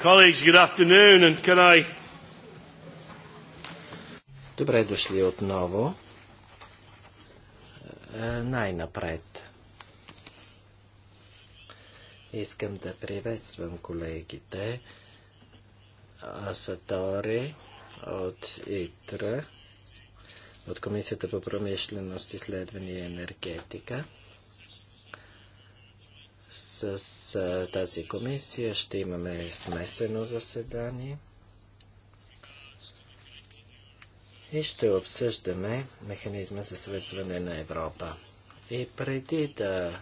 Colleagues, good afternoon, and can I... Добре дошли отново. Е, най-напред. Искам да приветствам колегите Асатори от ИТРА, от Комисията по промишленост, изследване и енергетика с тази комисия ще имаме смесено заседание и ще обсъждаме механизма за свързване на Европа. И преди да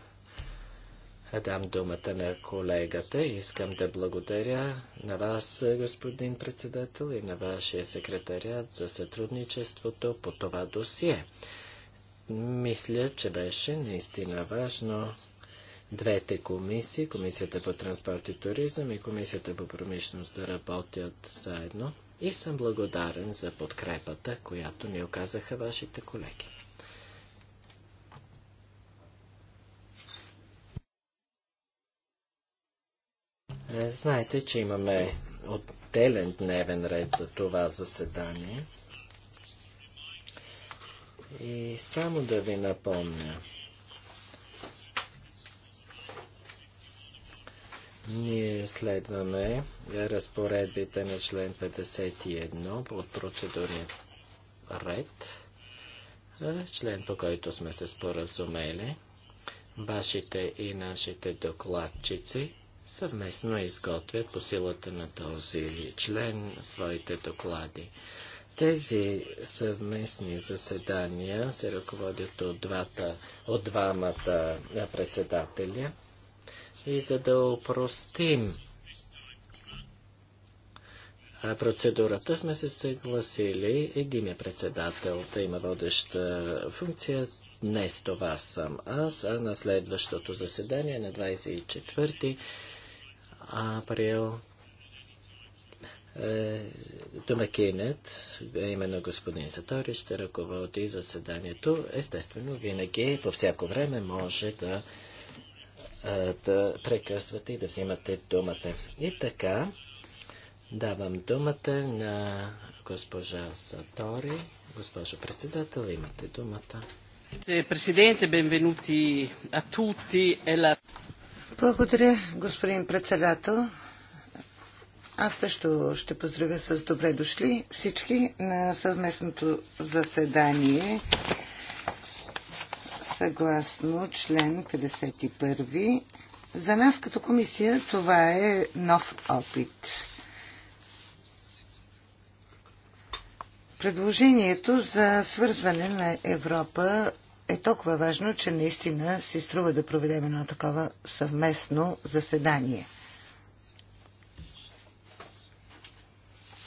дам думата на колегата, искам да благодаря на вас, господин председател, и на вашия секретарят за сътрудничеството по това досие. Мисля, че беше наистина важно двете комисии, Комисията по транспорт и туризъм и Комисията по промишленост да работят заедно и съм благодарен за подкрепата, която ни оказаха вашите колеги. Е, знаете, че имаме отделен дневен ред за това заседание. И само да ви напомня – Ние следваме разпоредбите на член 51 от процедурния ред, член по който сме се споразумели. Вашите и нашите докладчици съвместно изготвят по силата на този член своите доклади. Тези съвместни заседания се ръководят от, двата, от двамата председателя – и за да опростим процедурата сме се съгласили е председател да има водеща функция. Днес това съм аз, а на следващото заседание на 24 април е, домакинът, е, именно господин Сатори, ще ръководи заседанието. Естествено, винаги по всяко време може да да прекъсвате и да взимате думата. И така, давам думата на госпожа Сатори. Госпожо председател, имате думата. Президенте, бенвенути а тути. Е Благодаря, господин председател. Аз също ще поздравя с добре дошли всички на съвместното заседание съгласно член 51. За нас като комисия това е нов опит. Предложението за свързване на Европа е толкова важно, че наистина си струва да проведем едно такова съвместно заседание.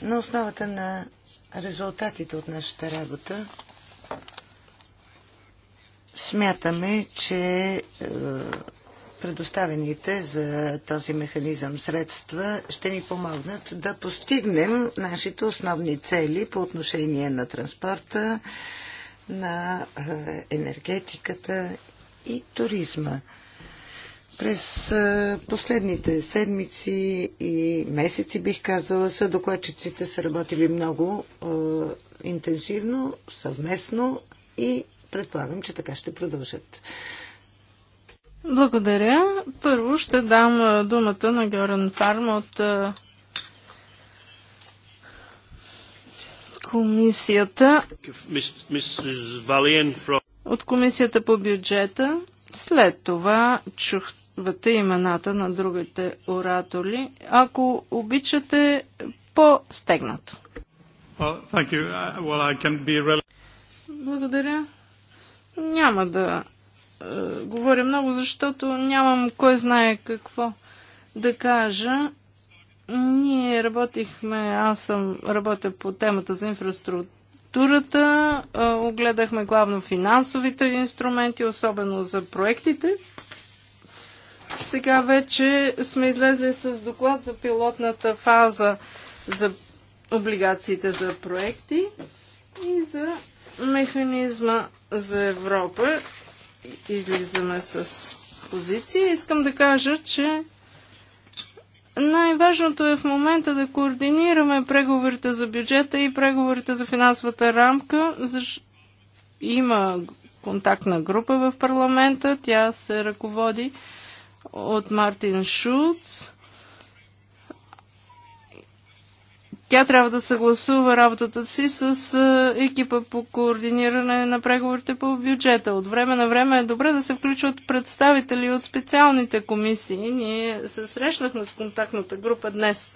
На основата на резултатите от нашата работа Смятаме, че е, предоставените за този механизъм средства ще ни помогнат да постигнем нашите основни цели по отношение на транспорта, на е, енергетиката и туризма. През е, последните седмици и месеци, бих казала, са докладчиците са работили много интензивно, съвместно и предполагам, че така ще продължат. Благодаря. Първо ще дам думата на Георан Фарм от комисията от комисията по бюджета. След това чухвате имената на другите оратори. Ако обичате, по-стегнато. well, uh, Благодаря. Няма да е, говоря много, защото нямам кой знае какво да кажа. Ние работихме, аз съм работя по темата за инфраструктурата, е, огледахме главно финансовите инструменти, особено за проектите. Сега вече сме излезли с доклад за пилотната фаза за облигациите за проекти и за механизма за Европа излизаме с позиция. Искам да кажа, че най-важното е в момента да координираме преговорите за бюджета и преговорите за финансовата рамка. Има контактна група в парламента, тя се ръководи от Мартин Шулц Тя трябва да съгласува работата си с екипа по координиране на преговорите по бюджета. От време на време е добре да се включват представители от специалните комисии. Ние се срещнахме с контактната група днес.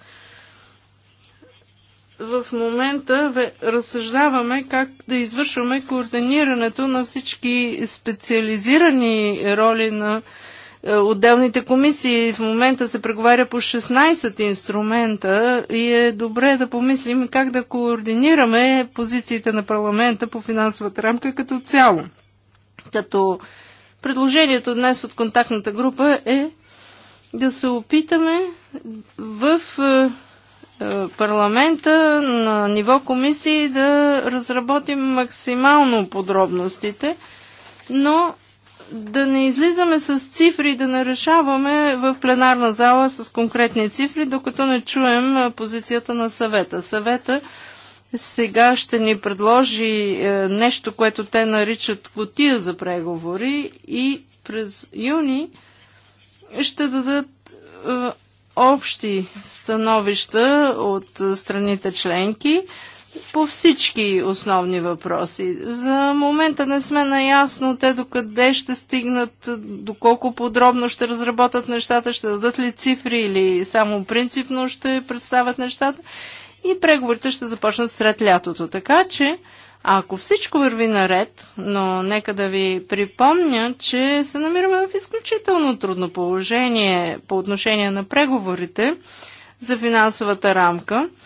В момента разсъждаваме как да извършваме координирането на всички специализирани роли на е, отделните комисии. В момента се преговаря по 16 инструмента и е добре да помислим как да координираме позициите на парламента по финансовата рамка като цяло. Като предложението днес от контактната група е да се опитаме в е, е, парламента на ниво комисии да разработим максимално подробностите, но да не излизаме с цифри, да не решаваме в пленарна зала с конкретни цифри, докато не чуем позицията на съвета. Съвета сега ще ни предложи е, нещо, което те наричат котия за преговори и през юни ще дадат е, общи становища от е, страните членки по всички основни въпроси. За момента не сме наясно те докъде ще стигнат, доколко подробно ще разработят нещата, ще дадат ли цифри или само принципно ще представят нещата. И преговорите ще започнат сред лятото. Така че, ако всичко върви наред, но нека да ви припомня, че се намираме в изключително трудно положение по отношение на преговорите за финансовата рамка –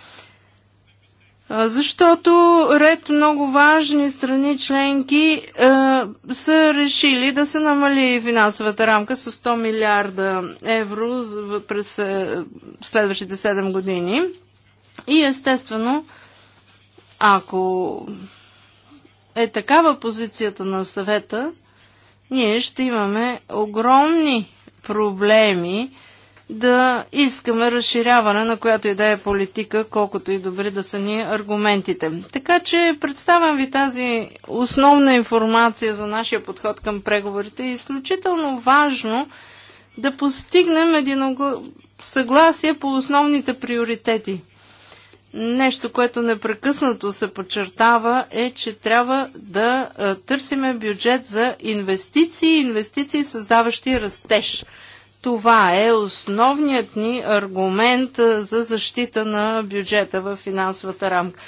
защото ред много важни страни членки е, са решили да се намали финансовата рамка с 100 милиарда евро през е, следващите 7 години. И естествено, ако е такава позицията на съвета, ние ще имаме огромни проблеми да искаме разширяване на която и да е политика, колкото и добри да са ни аргументите. Така че представям ви тази основна информация за нашия подход към преговорите. Е изключително важно да постигнем един съгласие по основните приоритети. Нещо, което непрекъснато се подчертава е, че трябва да е, търсиме бюджет за инвестиции, инвестиции създаващи растеж – това е основният ни аргумент за защита на бюджета в финансовата рамка.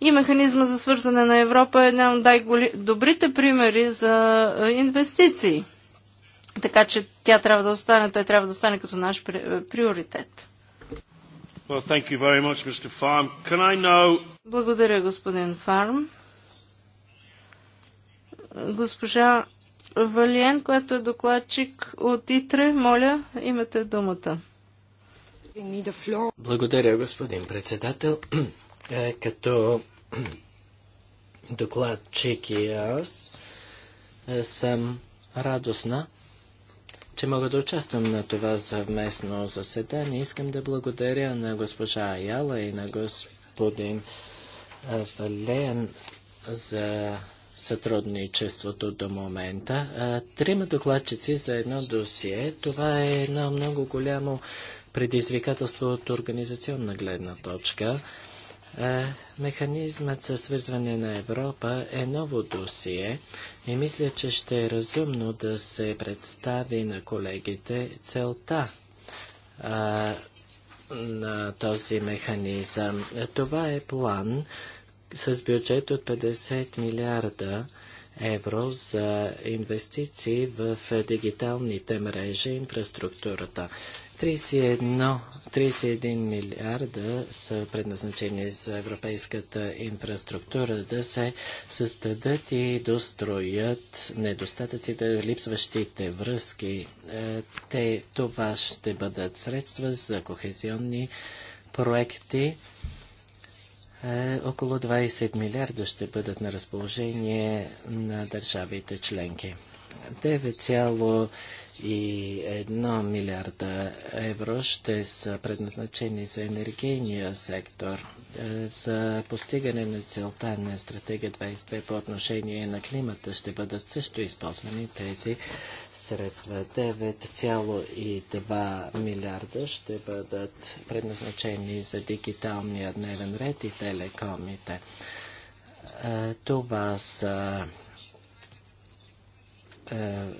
И механизма за свързане на Европа е една от най-добрите примери за инвестиции. Така че тя трябва да остане, той трябва да остане като наш приоритет. Well, thank you very much, Mr. Farm. Can I know... Благодаря, господин Фарм. Госпожа Валиен, който е докладчик от ИТРЕ. Моля, имате думата. Благодаря, господин председател. Е, като докладчик и аз е, съм радостна, че мога да участвам на това съвместно заседание. Искам да благодаря на госпожа Аяла и на господин е, Вален за сътрудничеството до момента. Трима докладчици за едно досие. Това е едно много голямо предизвикателство от организационна гледна точка. Механизмът за свързване на Европа е ново досие и мисля, че ще е разумно да се представи на колегите целта на този механизъм. Това е план, с бюджет от 50 милиарда евро за инвестиции в дигиталните мрежи и инфраструктурата. 31, 31 милиарда са предназначени за европейската инфраструктура да се създадат и достроят недостатъците, липсващите връзки. Е, те, това ще бъдат средства за кохезионни проекти е, около 20 милиарда ще бъдат на разположение на държавите членки. 9,1 милиарда евро ще са предназначени за енергийния сектор, е, за постигане на целта на стратегия 22 по отношение на климата ще бъдат също използвани тези средства. 9,2 милиарда ще бъдат предназначени за дигиталния дневен ред и телекомите. Това са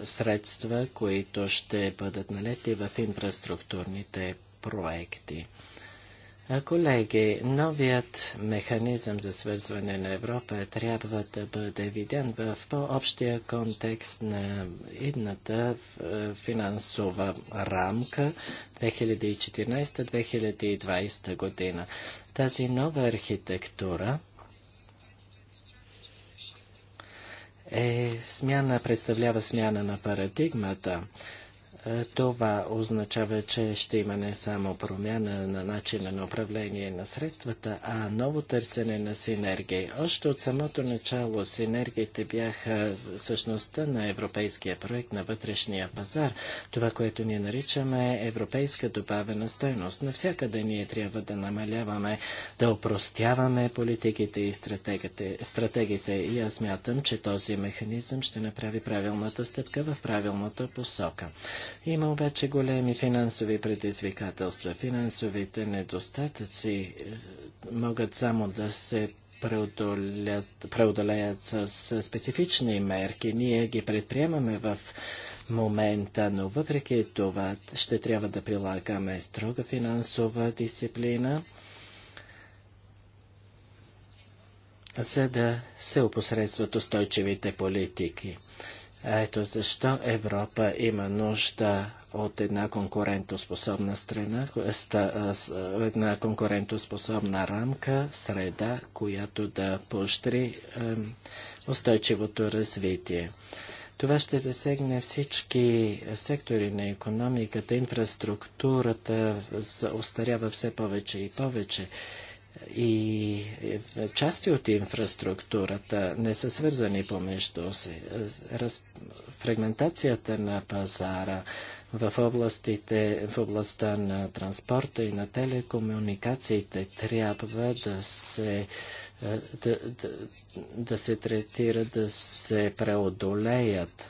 средства, които ще бъдат налети в инфраструктурните проекти. Колеги, новият механизъм за свързване на Европа трябва да бъде виден в по-общия контекст на едната финансова рамка 2014-2020 година. Тази нова архитектура е смяна, представлява смяна на парадигмата. Е, това означава, че ще има не само промяна на начина на управление на средствата, а ново търсене на синергии. Още от самото начало синергиите бяха същността на европейския проект на вътрешния пазар. Това, което ние наричаме европейска добавена стойност. Навсякъде ние трябва да намаляваме, да опростяваме политиките и стратегите. стратегите. И аз мятам, че този механизъм ще направи правилната стъпка в правилната посока. Има обаче големи финансови предизвикателства. Финансовите недостатъци е, могат само да се преодолеят, с специфични мерки. Ние ги предприемаме в момента, но въпреки това ще трябва да прилагаме строга финансова дисциплина, за да се опосредстват устойчивите политики. Ето защо Европа има нужда от една конкурентоспособна страна, една конкурентоспособна рамка, среда, която да поощри устойчивото развитие. Това ще засегне всички сектори на економиката, инфраструктурата, остарява все повече и повече и в части от инфраструктурата не са свързани помежду си. Раз... Фрагментацията на пазара в, областите, в областта на транспорта и на телекомуникациите трябва да се, е, да, да, да се третира, да се преодолеят.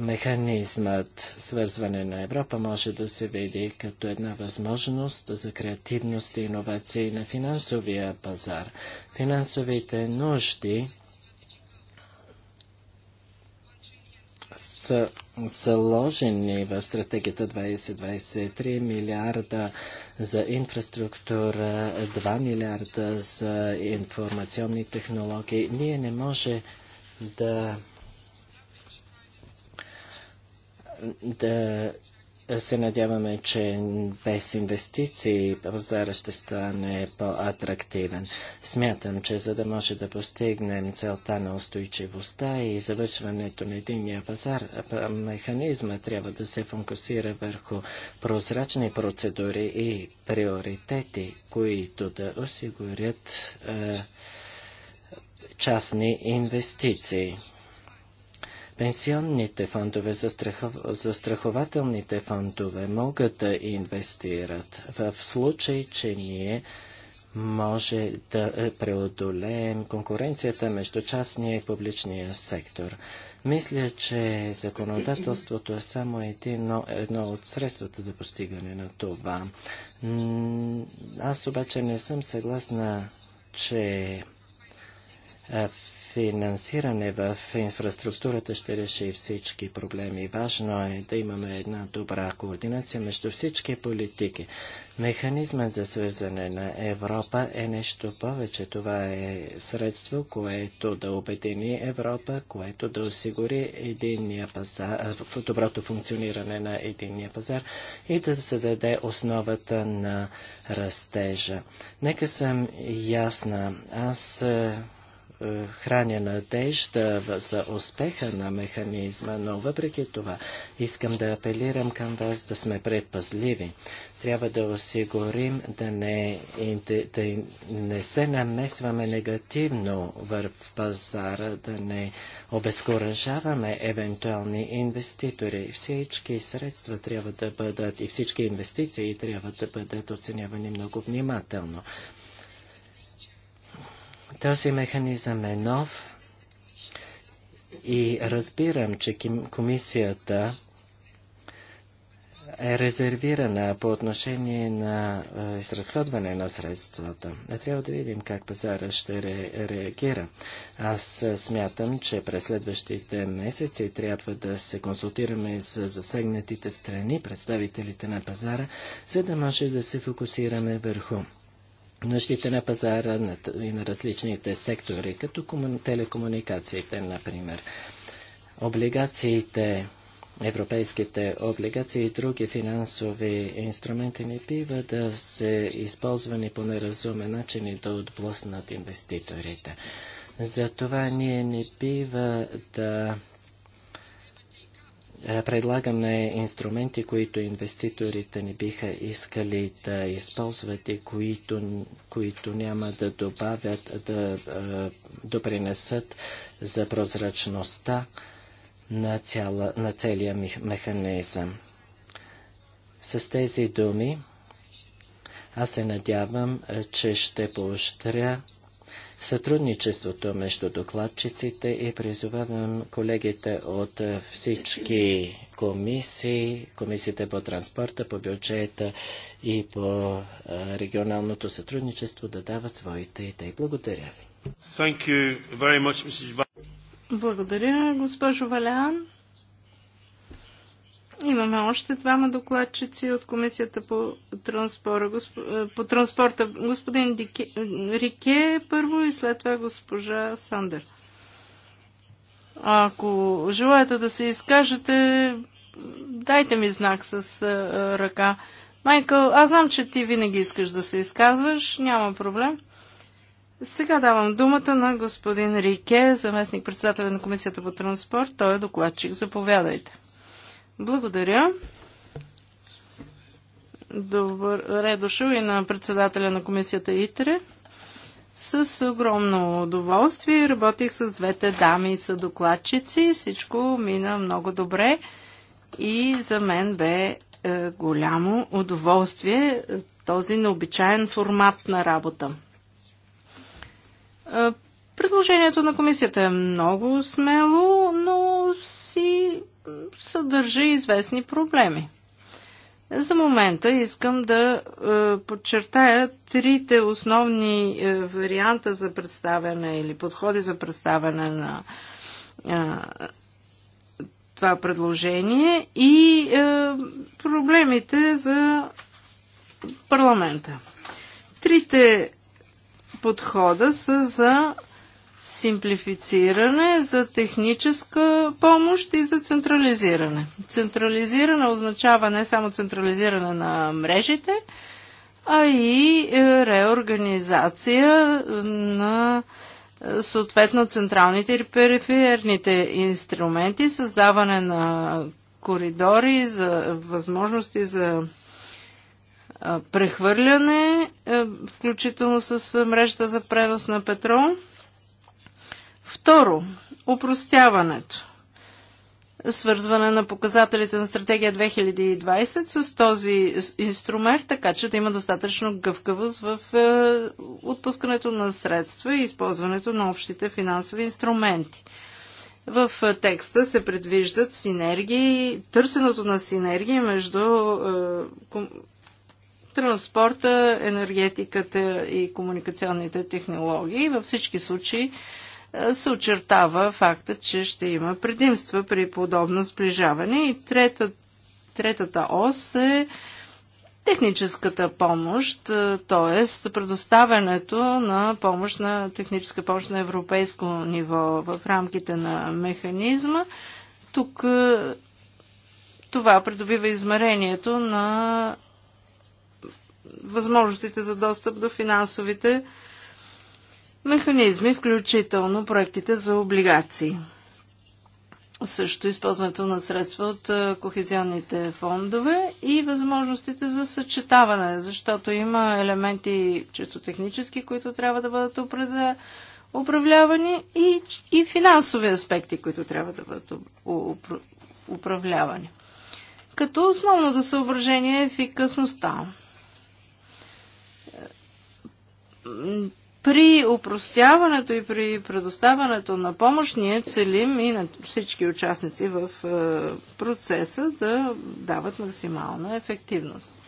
Механизмът свързване на Европа може да се види като една възможност за креативност и иновации на финансовия пазар. Финансовите нужди са заложени в стратегията 2023 милиарда за инфраструктура, 2 милиарда за информационни технологии. Ние не може да да се надяваме, че без инвестиции пазара ще стане по-атрактивен. Смятам, че за да може да постигнем целта на устойчивостта и завършването на единия пазар, механизма трябва да се фокусира върху прозрачни процедури и приоритети, които да осигурят е, частни инвестиции. Пенсионните фондове, застрахователните фондове могат да инвестират в случай, че ние може да е, преодолеем конкуренцията между частния и публичния сектор. Мисля, че законодателството е само едно, едно от средствата за постигане на това. Аз обаче не съм съгласна, че е, финансиране в инфраструктурата ще реши всички проблеми. Важно е да имаме една добра координация между всички политики. Механизмът за свързане на Европа е нещо повече. Това е средство, което да обедини Европа, което да осигури единния пазар, доброто функциониране на единния пазар и да се даде основата на растежа. Нека съм ясна. Аз е, храня надежда за успеха на механизма, но въпреки това искам да апелирам към вас да сме предпазливи. Трябва да осигурим да не, да не се намесваме негативно в пазара, да не обезкуражаваме евентуални инвеститори. Всички средства трябва да бъдат и всички инвестиции трябва да бъдат оценявани много внимателно. Този механизъм е нов и разбирам, че комисията е резервирана по отношение на изразходване на средствата. Трябва да видим как пазара ще ре, реагира. Аз смятам, че през следващите месеци трябва да се консултираме с засегнатите страни, представителите на пазара, за да може да се фокусираме върху нуждите на пазара и на различните сектори, като телекомуникациите, например. Облигациите, европейските облигации и други финансови инструменти не бива да се използвани по неразумен начин и да отблъснат инвеститорите. Затова ние не бива да е, предлагаме инструменти, които инвеститорите не биха искали да използват и които, които няма да добавят, да е, допринесат за прозрачността на, цяла, на целия механизъм. С тези думи аз се надявам, е, че ще поощря сътрудничеството между докладчиците и призовавам колегите от е, всички комисии, комисиите по транспорта, по бюджета и по е, регионалното сътрудничество да дават своите идеи. Благодаря ви. Благодаря, госпожо Валян. Имаме още двама докладчици от Комисията по, транспора, госп... Е, по транспорта. Господин Дике... Рике е първо и след това госпожа Сандер. Ако желаете да се изкажете, дайте ми знак с е, ръка. Майкъл, аз знам, че ти винаги искаш да се изказваш, няма проблем. Сега давам думата на господин Рике, заместник председател на Комисията по транспорт. Той е докладчик. Заповядайте. Благодаря. Добре дошъл и на председателя на комисията ИТРЕ. С огромно удоволствие работих с двете дами и съдокладчици. Всичко мина много добре и за мен бе е, голямо удоволствие е, този необичайен формат на работа. Е, предложението на комисията е много смело, но си съдържа известни проблеми. За момента искам да е, подчертая трите основни е, варианта за представяне или подходи за представяне на е, това предложение и е, проблемите за парламента. Трите подхода са за симплифициране, за техническа помощ и за централизиране. Централизиране означава не само централизиране на мрежите, а и е, реорганизация на е, съответно централните и периферните инструменти, създаване на коридори, за възможности за е, прехвърляне, включително с мрежата за пренос на петрол – Второ, упростяването. Свързване на показателите на стратегия 2020 с този инструмент, така че да има достатъчно гъвкавост в е, отпускането на средства и използването на общите финансови инструменти. В е, текста се предвиждат синергии, търсеното на синергии между е, транспорта, енергетиката и комуникационните технологии. Във всички случаи е, се очертава факта, че ще има предимства при подобно сближаване. И трета, третата ос е техническата помощ, т.е. предоставянето на помощ на техническа помощ на европейско ниво в рамките на механизма. Тук е, това придобива измерението на възможностите за достъп до финансовите механизми, включително проектите за облигации. Също използването на средства от кохезионните фондове и възможностите за съчетаване, защото има елементи чисто технически, които трябва да бъдат управлявани и, и финансови аспекти, които трябва да бъдат управлявани. Като основното съображение е ефикасността при упростяването и при предоставането на помощ ние целим и на всички участници в е, процеса да дават максимална ефективност.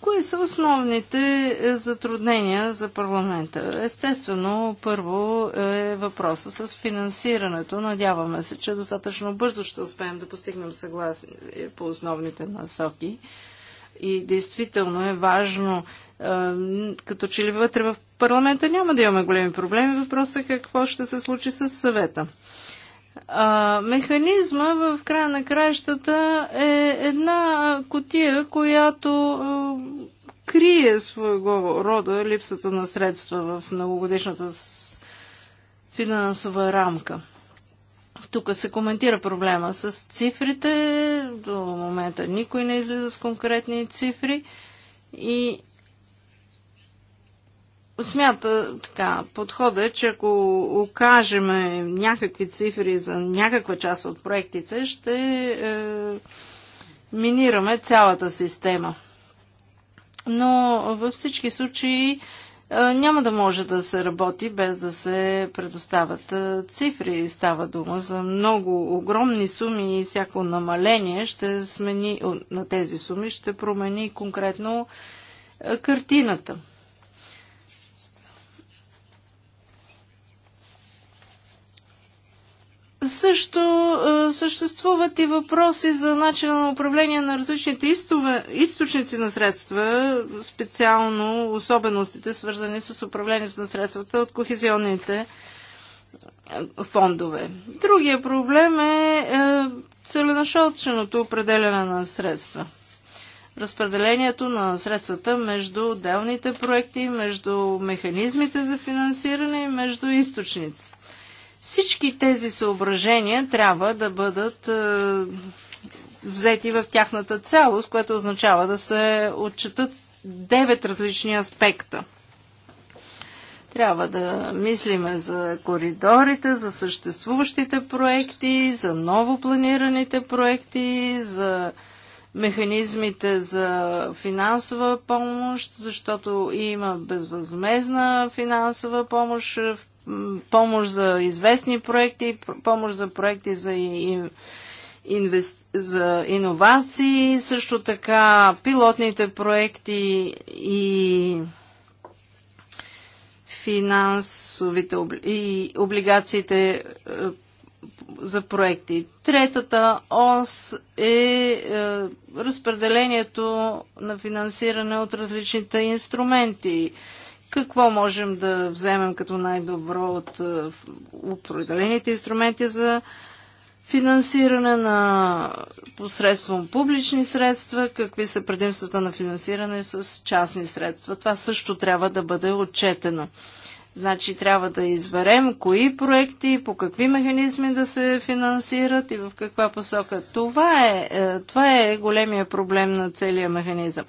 Кои са основните е, затруднения за парламента? Естествено, първо е въпроса с финансирането. Надяваме се, че достатъчно бързо ще успеем да постигнем съгласие по основните насоки. И действително е важно като че ли вътре в парламента няма да имаме големи проблеми. Въпросът е какво ще се случи с съвета. А, механизма в края на краищата е една котия, която а, крие своего рода липсата на средства в многогодишната финансова рамка. Тук се коментира проблема с цифрите. До момента никой не излиза с конкретни цифри. И смята така, подхода е, че ако окажем някакви цифри за някаква част от проектите, ще е, минираме цялата система. Но във всички случаи е, няма да може да се работи без да се предоставят е, цифри. Става дума за много огромни суми и всяко намаление ще смени, на тези суми ще промени конкретно е, картината. Също съществуват и въпроси за начина на управление на различните истове, източници на средства, специално особеностите, свързани с управлението на средствата от кохезионните фондове. Другия проблем е, е целенашоченото определяне на средства. Разпределението на средствата между отделните проекти, между механизмите за финансиране и между източниците. Всички тези съображения трябва да бъдат е, взети в тяхната цялост, което означава да се отчитат девет различни аспекта. Трябва да мислиме за коридорите, за съществуващите проекти, за ново планираните проекти, за механизмите за финансова помощ, защото има безвъзмезна финансова помощ в помощ за известни проекти, помощ за проекти за, инвест... за иновации, също така пилотните проекти и финансовите и облигациите е, за проекти. Третата ОС е, е, разпределението на финансиране от различните инструменти какво можем да вземем като най-добро е, от определените инструменти за финансиране на посредством публични средства, какви са предимствата на финансиране с частни средства. Това също трябва да бъде отчетено. Значи трябва да изберем кои проекти, по какви механизми да се финансират и в каква посока. Това е, е това е големия проблем на целия механизъм.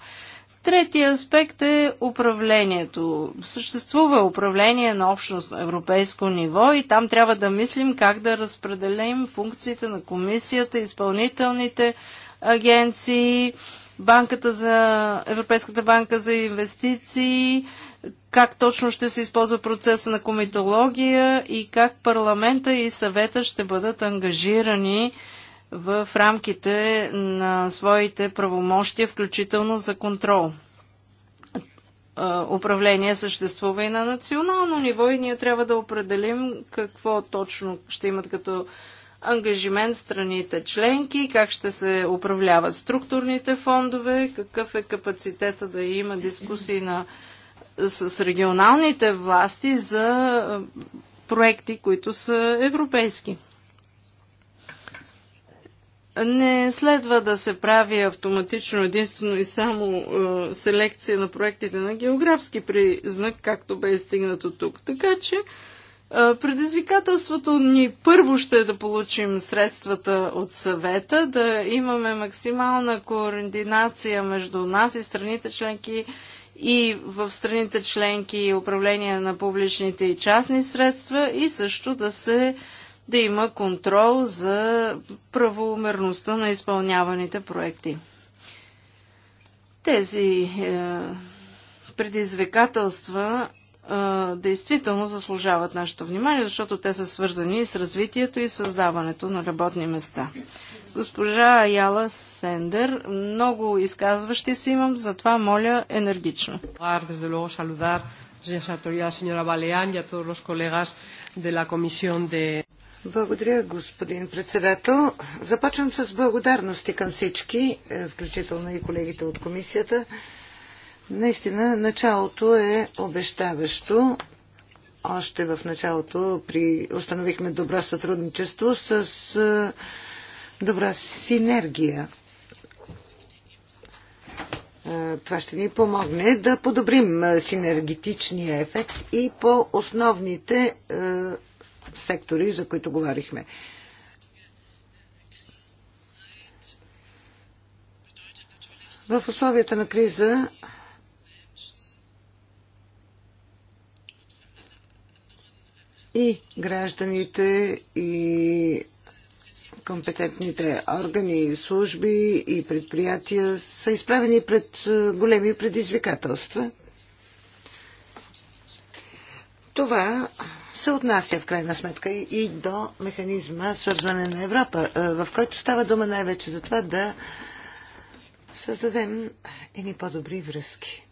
Третия аспект е управлението. Съществува управление на общностно европейско ниво и там трябва да мислим как да разпределим функциите на комисията, изпълнителните агенции, банката за, Европейската банка за инвестиции, как точно ще се използва процеса на комитология и как парламента и съвета ще бъдат ангажирани в рамките на своите правомощия, включително за контрол. Управление съществува и на национално ниво и ние трябва да определим какво точно ще имат като ангажимент страните членки, как ще се управляват структурните фондове, какъв е капацитета да има дискусии на, с регионалните власти за проекти, които са европейски. Не следва да се прави автоматично единствено и само е, селекция на проектите на географски признак, както бе стигнато тук. Така че е, предизвикателството ни първо ще е да получим средствата от съвета, да имаме максимална координация между нас и страните членки и в страните членки управление на публичните и частни средства и също да се е, да има контрол за правомерността на изпълняваните проекти. Тези е, предизвикателства е, действително заслужават нашето внимание, защото те са свързани с развитието и създаването на работни места. Госпожа Аяла Сендер, много изказващи се имам, затова моля енергично. Благодаря, господин председател. Започвам с благодарности към всички, е, включително и колегите от комисията. Наистина, началото е обещаващо. Още в началото при... установихме добро сътрудничество с е, добра синергия. Е, това ще ни помогне да подобрим синергетичния ефект и по основните сектори, за които говорихме. В условията на криза и гражданите, и компетентните органи, и служби и предприятия са изправени пред е, големи предизвикателства. Това се отнася в крайна сметка и до механизма свързване на Европа, е, в който става дума най-вече за това да създадем едни по-добри връзки.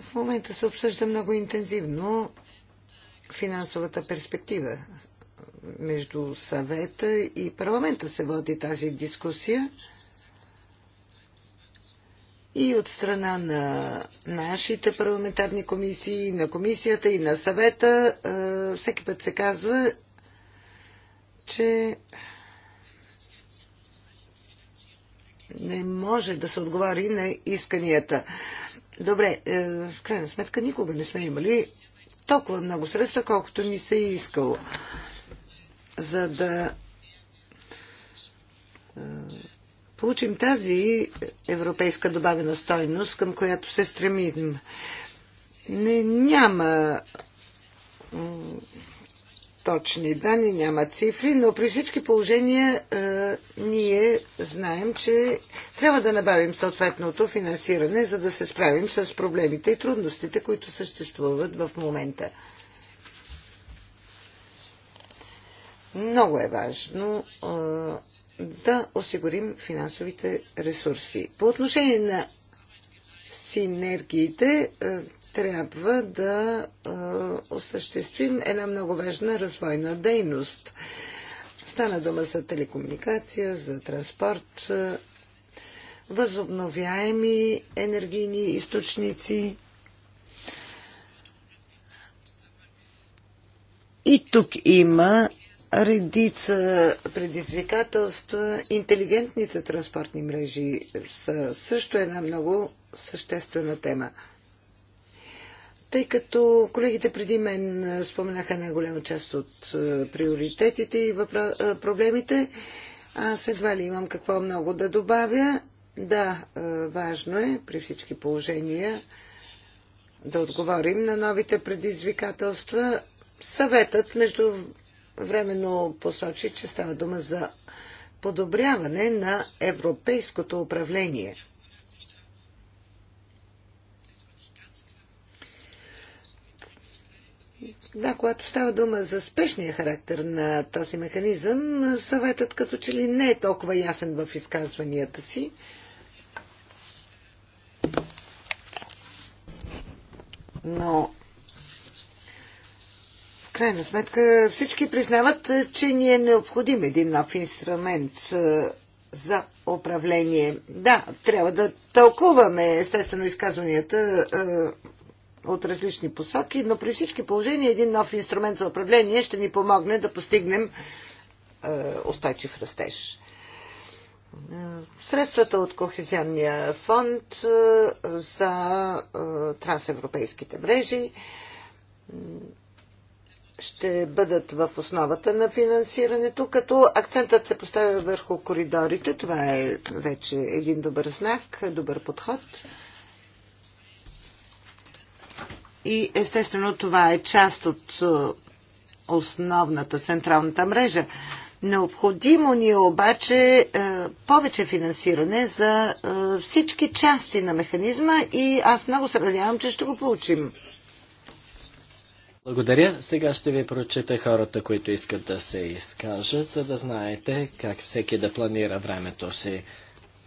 В момента се обсъжда много интензивно финансовата перспектива. Между съвета и парламента се води тази дискусия и от страна на нашите парламентарни комисии, на комисията и на съвета. Всеки път се казва, че не може да се отговори на исканията. Добре, е, в крайна сметка никога не сме имали толкова много средства, колкото ни се е искало, за да е, получим тази европейска добавена стойност, към която се стремим. Не, няма точни данни, няма цифри, но при всички положения а, е, ние знаем, че трябва да набавим съответното финансиране, за да се справим с проблемите и трудностите, които съществуват в момента. Много е важно. А, е, да осигурим финансовите ресурси. По отношение на синергиите, е, трябва да е, осъществим една много важна развойна дейност. Стана дума за телекомуникация, за транспорт, е, възобновяеми енергийни източници. И тук има редица предизвикателства. Интелигентните транспортни мрежи са също една много съществена тема. Тъй като колегите преди мен споменаха една голяма част от е, приоритетите и е, проблемите, аз едва ли имам какво много да добавя. Да, е, важно е при всички положения да отговорим на новите предизвикателства. Съветът между временно посочи, че става дума за подобряване на европейското управление. Да, когато става дума за спешния характер на този механизъм, съветът като че ли не е толкова ясен в изказванията си. Но крайна сметка всички признават, е, че ни е необходим един нов инструмент е, за управление. Да, трябва да тълкуваме естествено изказванията е, от различни посоки, но при всички положения един нов инструмент за управление ще ни помогне да постигнем устойчив растеж. Средствата от Кохезионния фонд за трансевропейските мрежи ще бъдат в основата на финансирането, като акцентът се поставя върху коридорите. Това е вече един добър знак, добър подход. И естествено това е част от основната централната мрежа. Необходимо ни е обаче повече финансиране за всички части на механизма и аз много се надявам, че ще го получим. Благодаря. Сега ще ви прочета хората, които искат да се изкажат, за да знаете как всеки да планира времето си.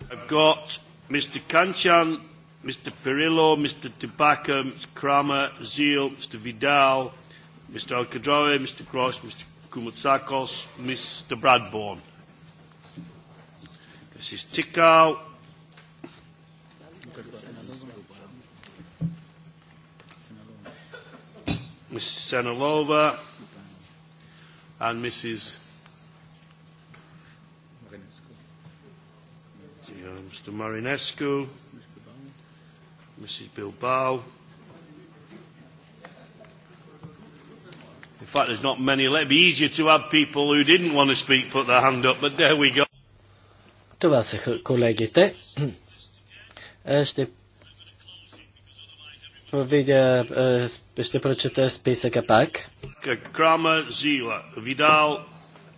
I've got Mr. Kanchan, Mr. Perillo, Mr. Tobacco, Mr. Kramer, Zeal, Mr. Vidal, Mr. Alcadrove, Mr. Cross, Mr. Kumutsakos, Mr. Bradbourne. Mrs. Tickau, Mrs. Senilova and Mrs. Mr. Marinescu, Mrs. Bilbao. In fact, there's not many. It'd be easier to have people who didn't want to speak put their hand up, but there we go. Това са колегите. Ще видя, е, ще прочета списъка пак. Крама, Зила, Видал,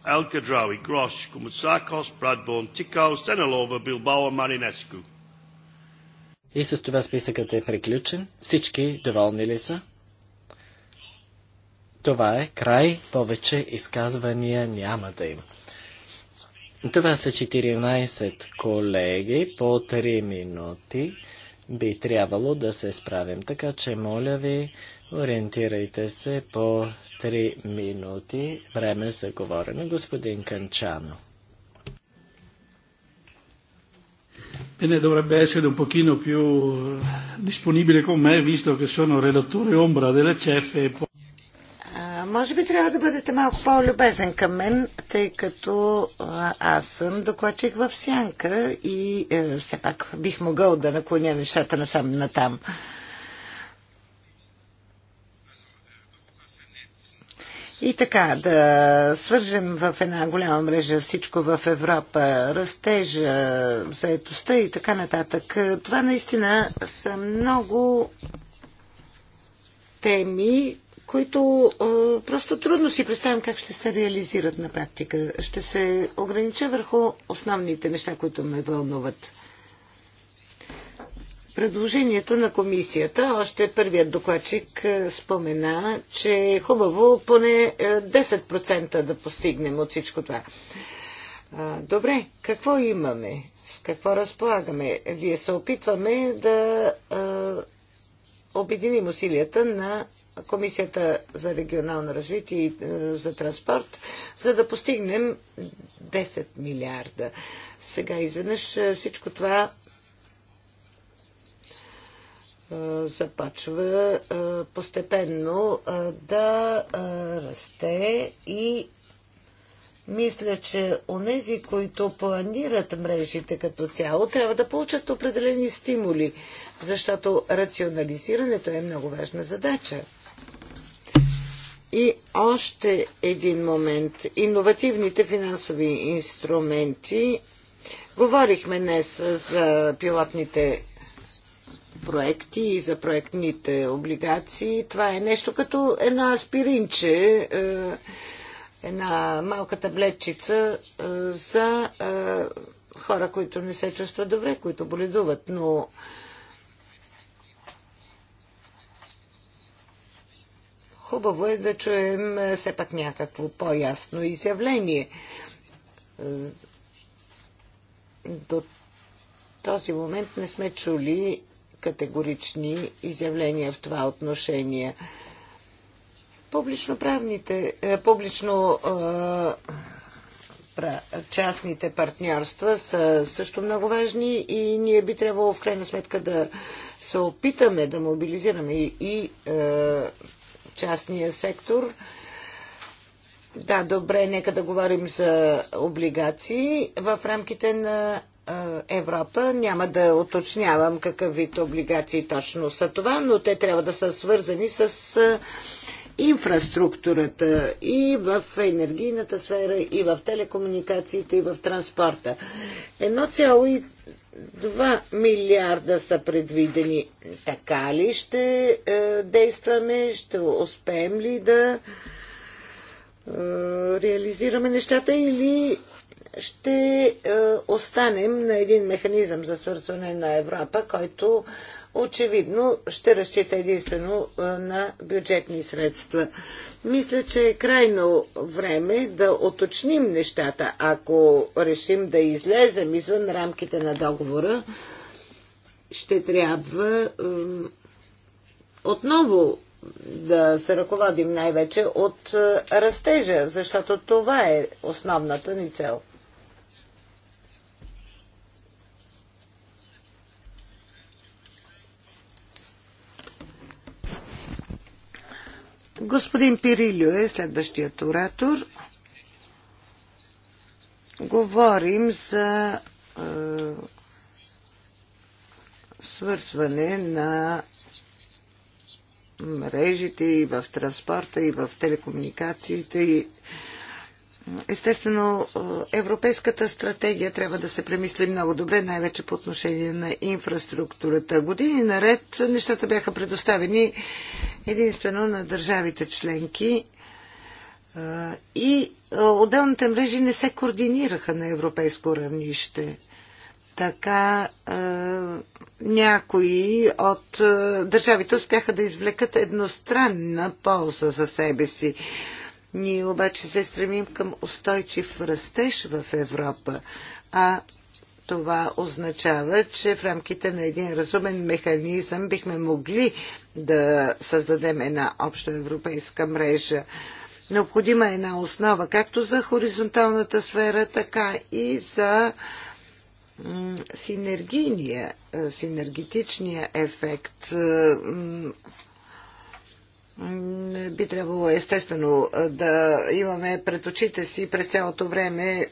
El Грош, Grosh, Koumoutsakos, Тикао, Сенелова, Билбао, Маринеску. И с това списъкът е приключен. Всички доволни ли са? Това е край. Повече изказвания няма да има. Това са 14 колеги по 3 минути би трябвало да се справим. Така че, моля ви, ориентирайте се по 3 минути време за говорене. Господин Канчано. Bene, dovrebbe essere un pochino più eh, disponibile con me, visto che sono relatore ombra delle CEF e poi... Може би трябва да бъдете малко по-любезен към мен, тъй като аз съм докладчик в сянка и е, все пак бих могъл да наклоня нещата насам натам. И така, да свържем в една голяма мрежа всичко в Европа, растежа, заетостта и така нататък. Това наистина са много теми, които а, просто трудно си представям как ще се реализират на практика. Ще се огранича върху основните неща, които ме вълнуват. Предложението на комисията, още първият докладчик спомена, че е хубаво поне 10% да постигнем от всичко това. Добре, какво имаме? С какво разполагаме? Вие се опитваме да а, обединим усилията на Комисията за регионално развитие и е, за транспорт, за да постигнем 10 милиарда. Сега изведнъж е, всичко това е, започва постепенно да расте и мисля, че онези, които планират мрежите като цяло, трябва да получат определени стимули, защото рационализирането е много важна задача. И още един момент. Иновативните финансови инструменти. Говорихме днес за пилотните проекти и за проектните облигации. Това е нещо като една аспиринче, е, една малка таблетчица е, за е, хора, които не се чувстват добре, които боледуват. Но Хубаво е да чуем е, все пак някакво по-ясно изявление. До този момент не сме чули категорични изявления в това отношение. Публично-правните, е, публично е, частните партньорства са също много важни и ние би трябвало в крайна сметка да се опитаме да мобилизираме и, и е, частния сектор. Да, добре, нека да говорим за облигации в рамките на Европа. Няма да уточнявам какъв вид облигации точно са това, но те трябва да са свързани с инфраструктурата и в енергийната сфера, и в телекомуникациите, и в транспорта. 2 милиарда са предвидени. Така ли ще е, действаме? Ще успеем ли да е, реализираме нещата или ще е, останем на един механизъм за свързване на Европа, който очевидно ще разчита единствено на бюджетни средства. Мисля, че е крайно време да оточним нещата. Ако решим да излезем извън рамките на договора, ще трябва отново да се ръководим най-вече от растежа, защото това е основната ни цел. Господин Пирилю е следващият оратор. Говорим за е, свързване на мрежите и в транспорта, и в телекомуникациите, и Естествено, е, европейската стратегия трябва да се премисли много добре, най-вече по отношение на инфраструктурата. Години наред нещата бяха предоставени единствено на държавите членки е, и е, отделните мрежи не се координираха на европейско равнище. Така някои от държавите успяха да извлекат едностранна полза за себе си ние обаче се стремим към устойчив растеж в Европа, а това означава, че в рамките на един разумен механизъм бихме могли да създадем една обща европейска мрежа. Необходима е една основа както за хоризонталната сфера, така и за синергийния, е, синергетичния ефект. Е, би трябвало естествено да имаме пред очите си през цялото време е,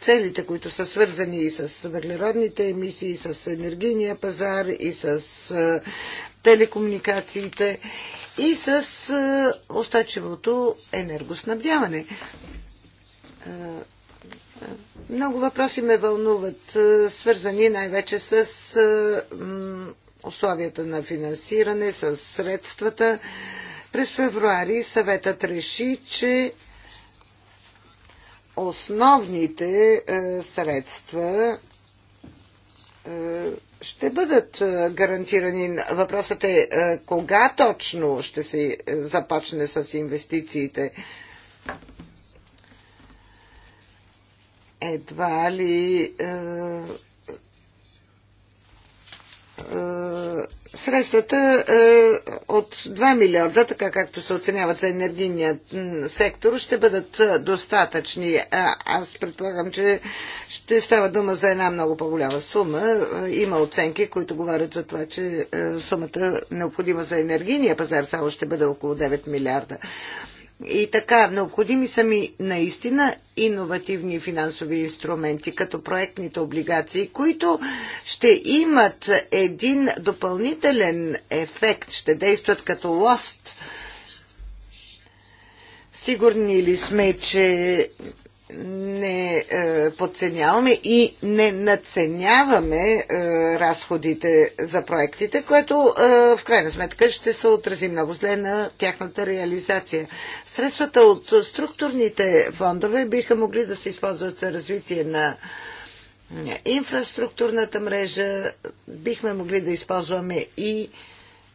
целите, които са свързани и с въглеродните емисии, и с енергийния пазар, и с е, телекомуникациите, и с е, устойчивото енергоснабдяване. Много въпроси ме вълнуват, свързани най-вече с условията на финансиране, с средствата. През февруари съветът реши, че основните е, средства е, ще бъдат е, гарантирани. Въпросът е кога точно ще се започне с инвестициите. Едва ли е, средствата е, от 2 милиарда, така както се оценяват за енергийния сектор, ще бъдат е, достатъчни. Аз предполагам, че ще става дума за една много по-голяма сума. Има оценки, които говорят за това, че сумата необходима за енергийния пазар само ще бъде около 9 милиарда. И така, необходими са ми наистина иновативни финансови инструменти, като проектните облигации, които ще имат един допълнителен ефект, ще действат като лост. Сигурни ли сме, че не е, подценяваме и не наценяваме е, разходите за проектите, което е, в крайна сметка ще се отрази много зле на тяхната реализация. Средствата от структурните фондове биха могли да се използват за развитие на инфраструктурната мрежа, бихме могли да използваме и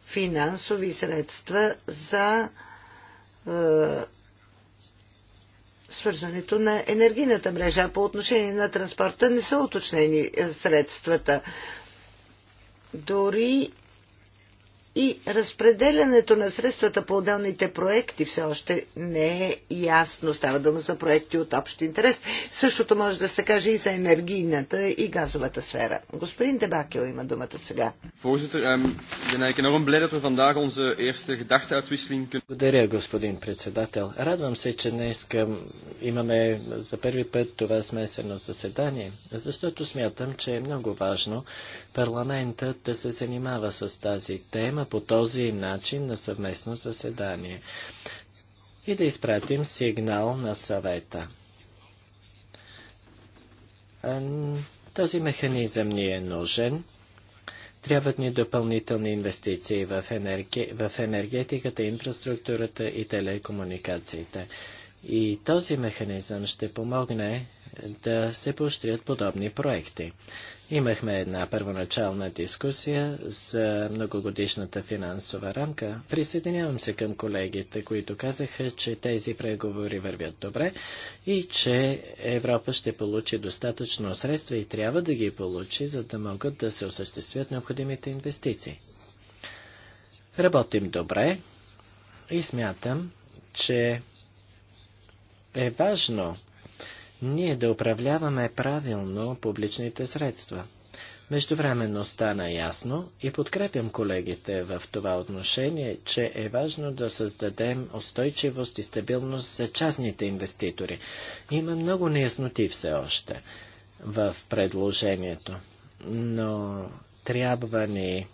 финансови средства за свързването на енергийната мрежа. По отношение на транспорта не са уточнени е, средствата. Дори и разпределянето на средствата по отделните проекти все още не е ясно. Става дума за проекти от общ интерес. Същото може да се каже и за енергийната и газовата сфера. Господин Дебакел има думата сега. Ehm, Благодаря, господин председател. Радвам се, че днес имаме за първи път това смесено заседание, защото смятам, че е много важно парламентът да се занимава с тази тема по този начин на съвместно заседание и да изпратим сигнал на съвета. Този механизъм ни е нужен. Трябват ни допълнителни инвестиции в, енерги... в енергетиката, инфраструктурата и телекомуникациите. И този механизъм ще помогне да се поощрят подобни проекти. Имахме една първоначална дискусия за многогодишната финансова рамка. Присъединявам се към колегите, които казаха, че тези преговори вървят добре и че Европа ще получи достатъчно средства и трябва да ги получи, за да могат да се осъществят необходимите инвестиции. Работим добре и смятам, че е важно ние да управляваме правилно публичните средства. Междувременно стана ясно и подкрепям колегите в това отношение, че е важно да създадем устойчивост и стабилност за частните инвеститори. Има много неясноти все още в предложението, но трябва ни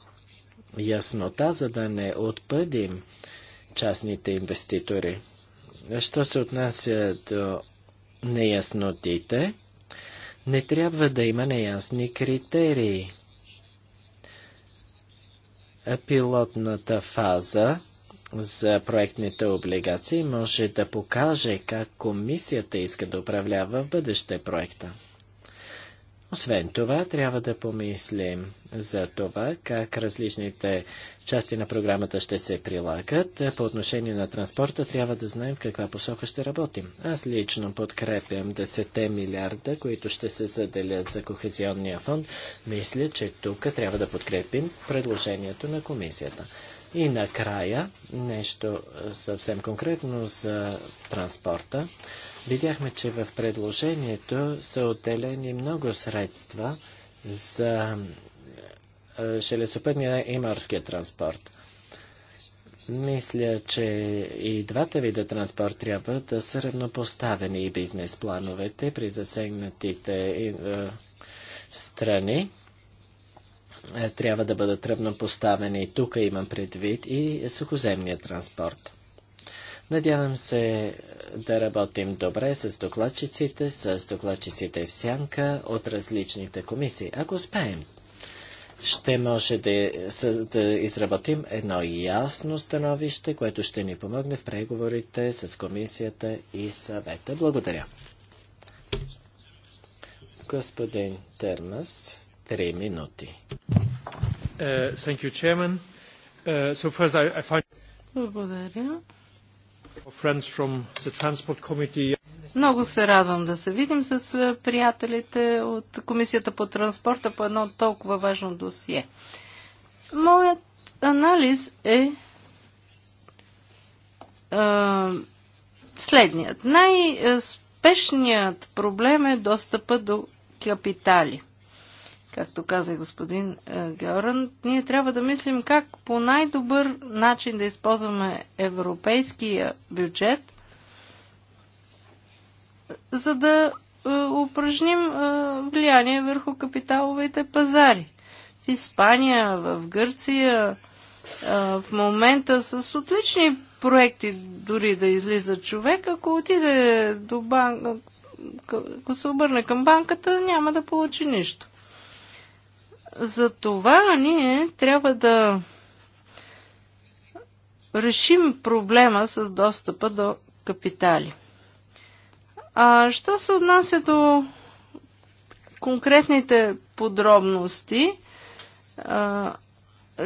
яснота, за да не отпъдим частните инвеститори. Що се отнася до неяснотите, не трябва да има неясни критерии. Пилотната фаза за проектните облигации може да покаже как комисията иска да управлява в бъдеще проекта. Освен това, трябва да помислим за това как различните части на програмата ще се прилагат. По отношение на транспорта трябва да знаем в каква посока ще работим. Аз лично подкрепям 10 милиарда, които ще се заделят за Кохезионния фонд. Мисля, че тук трябва да подкрепим предложението на комисията. И накрая нещо съвсем конкретно за транспорта. Видяхме, че в предложението са отделени много средства за железопътния и морския транспорт. Мисля, че и двата вида транспорт трябва да са равнопоставени и бизнес плановете при засегнатите страни трябва да бъдат равнопоставени. Тук имам предвид и сухоземния транспорт. Надявам се е, да работим добре с докладчиците, с докладчиците в сянка от различните комисии. Ако успеем, ще може да, да изработим едно ясно становище, което ще ни помогне в преговорите с комисията и съвета. Благодаря. Господин Термас, три минути. Uh, you, uh, so I, I find... Благодаря. Много се радвам да се видим с е, приятелите от Комисията по транспорта по едно толкова важно досие. Моят анализ е а, е, следният. Най-спешният е, проблем е достъпа до капитали – както каза и господин е, Георан, ние трябва да мислим как по най-добър начин да използваме европейския бюджет, за да е, упражним е, влияние върху капиталовите пазари. В Испания, в Гърция, в момента с отлични проекти дори да излиза човек, ако отиде до банка, ако се обърне към банката, няма да получи нищо. За това ние трябва да решим проблема с достъпа до капитали. А що се отнася до конкретните подробности, а,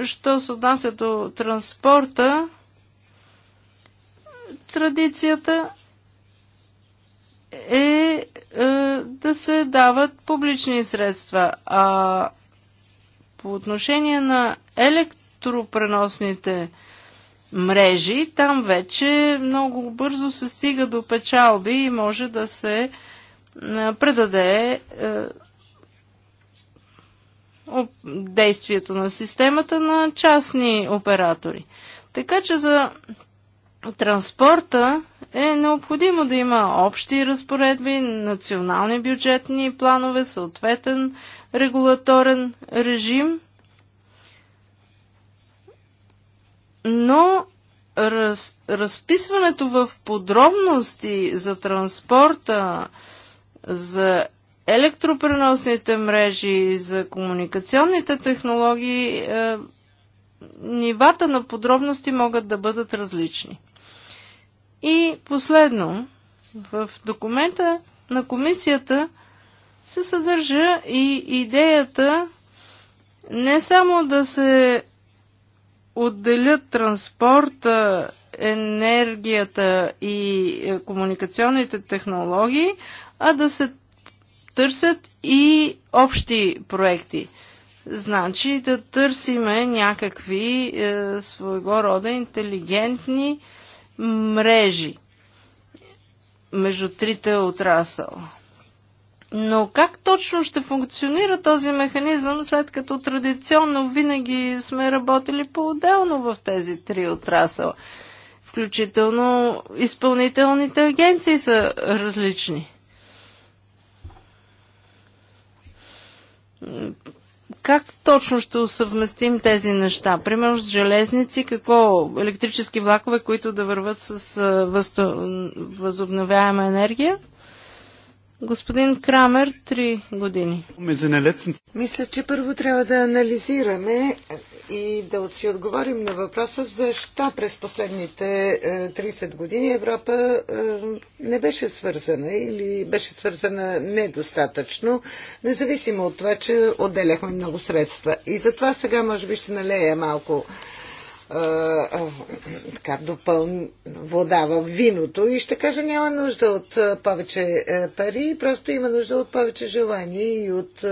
що се отнася до транспорта, традицията е, е да се дават публични средства, а по отношение на електропреносните мрежи, там вече много бързо се стига до печалби и може да се е, предаде е, действието на системата на частни оператори. Така че за транспорта е необходимо да има общи разпоредби, национални бюджетни планове, съответен регулаторен режим, но раз, разписването в подробности за транспорта, за електропреносните мрежи, за комуникационните технологии, е, нивата на подробности могат да бъдат различни. И последно, в документа на комисията се съдържа и идеята не само да се отделят транспорта, енергията и е, комуникационните технологии, а да се търсят и общи проекти. Значи да търсиме някакви е, своего рода интелигентни мрежи между трите отрасъла. Но как точно ще функционира този механизъм, след като традиционно винаги сме работили по-отделно в тези три отрасъла? Включително изпълнителните агенции са различни. Как точно ще усъвместим тези неща? Примерно с железници, какво? Електрически влакове, които да върват с възобновяема енергия? Господин Крамер, три години. Мисля, че първо трябва да анализираме и да си отговорим на въпроса защо през последните 30 е, години Европа е, не беше свързана или беше свързана недостатъчно, независимо от това, че отделяхме много средства. И затова сега може би ще налея малко така, допълн вода в виното и ще кажа няма нужда от повече е, пари, просто има нужда от повече желание и от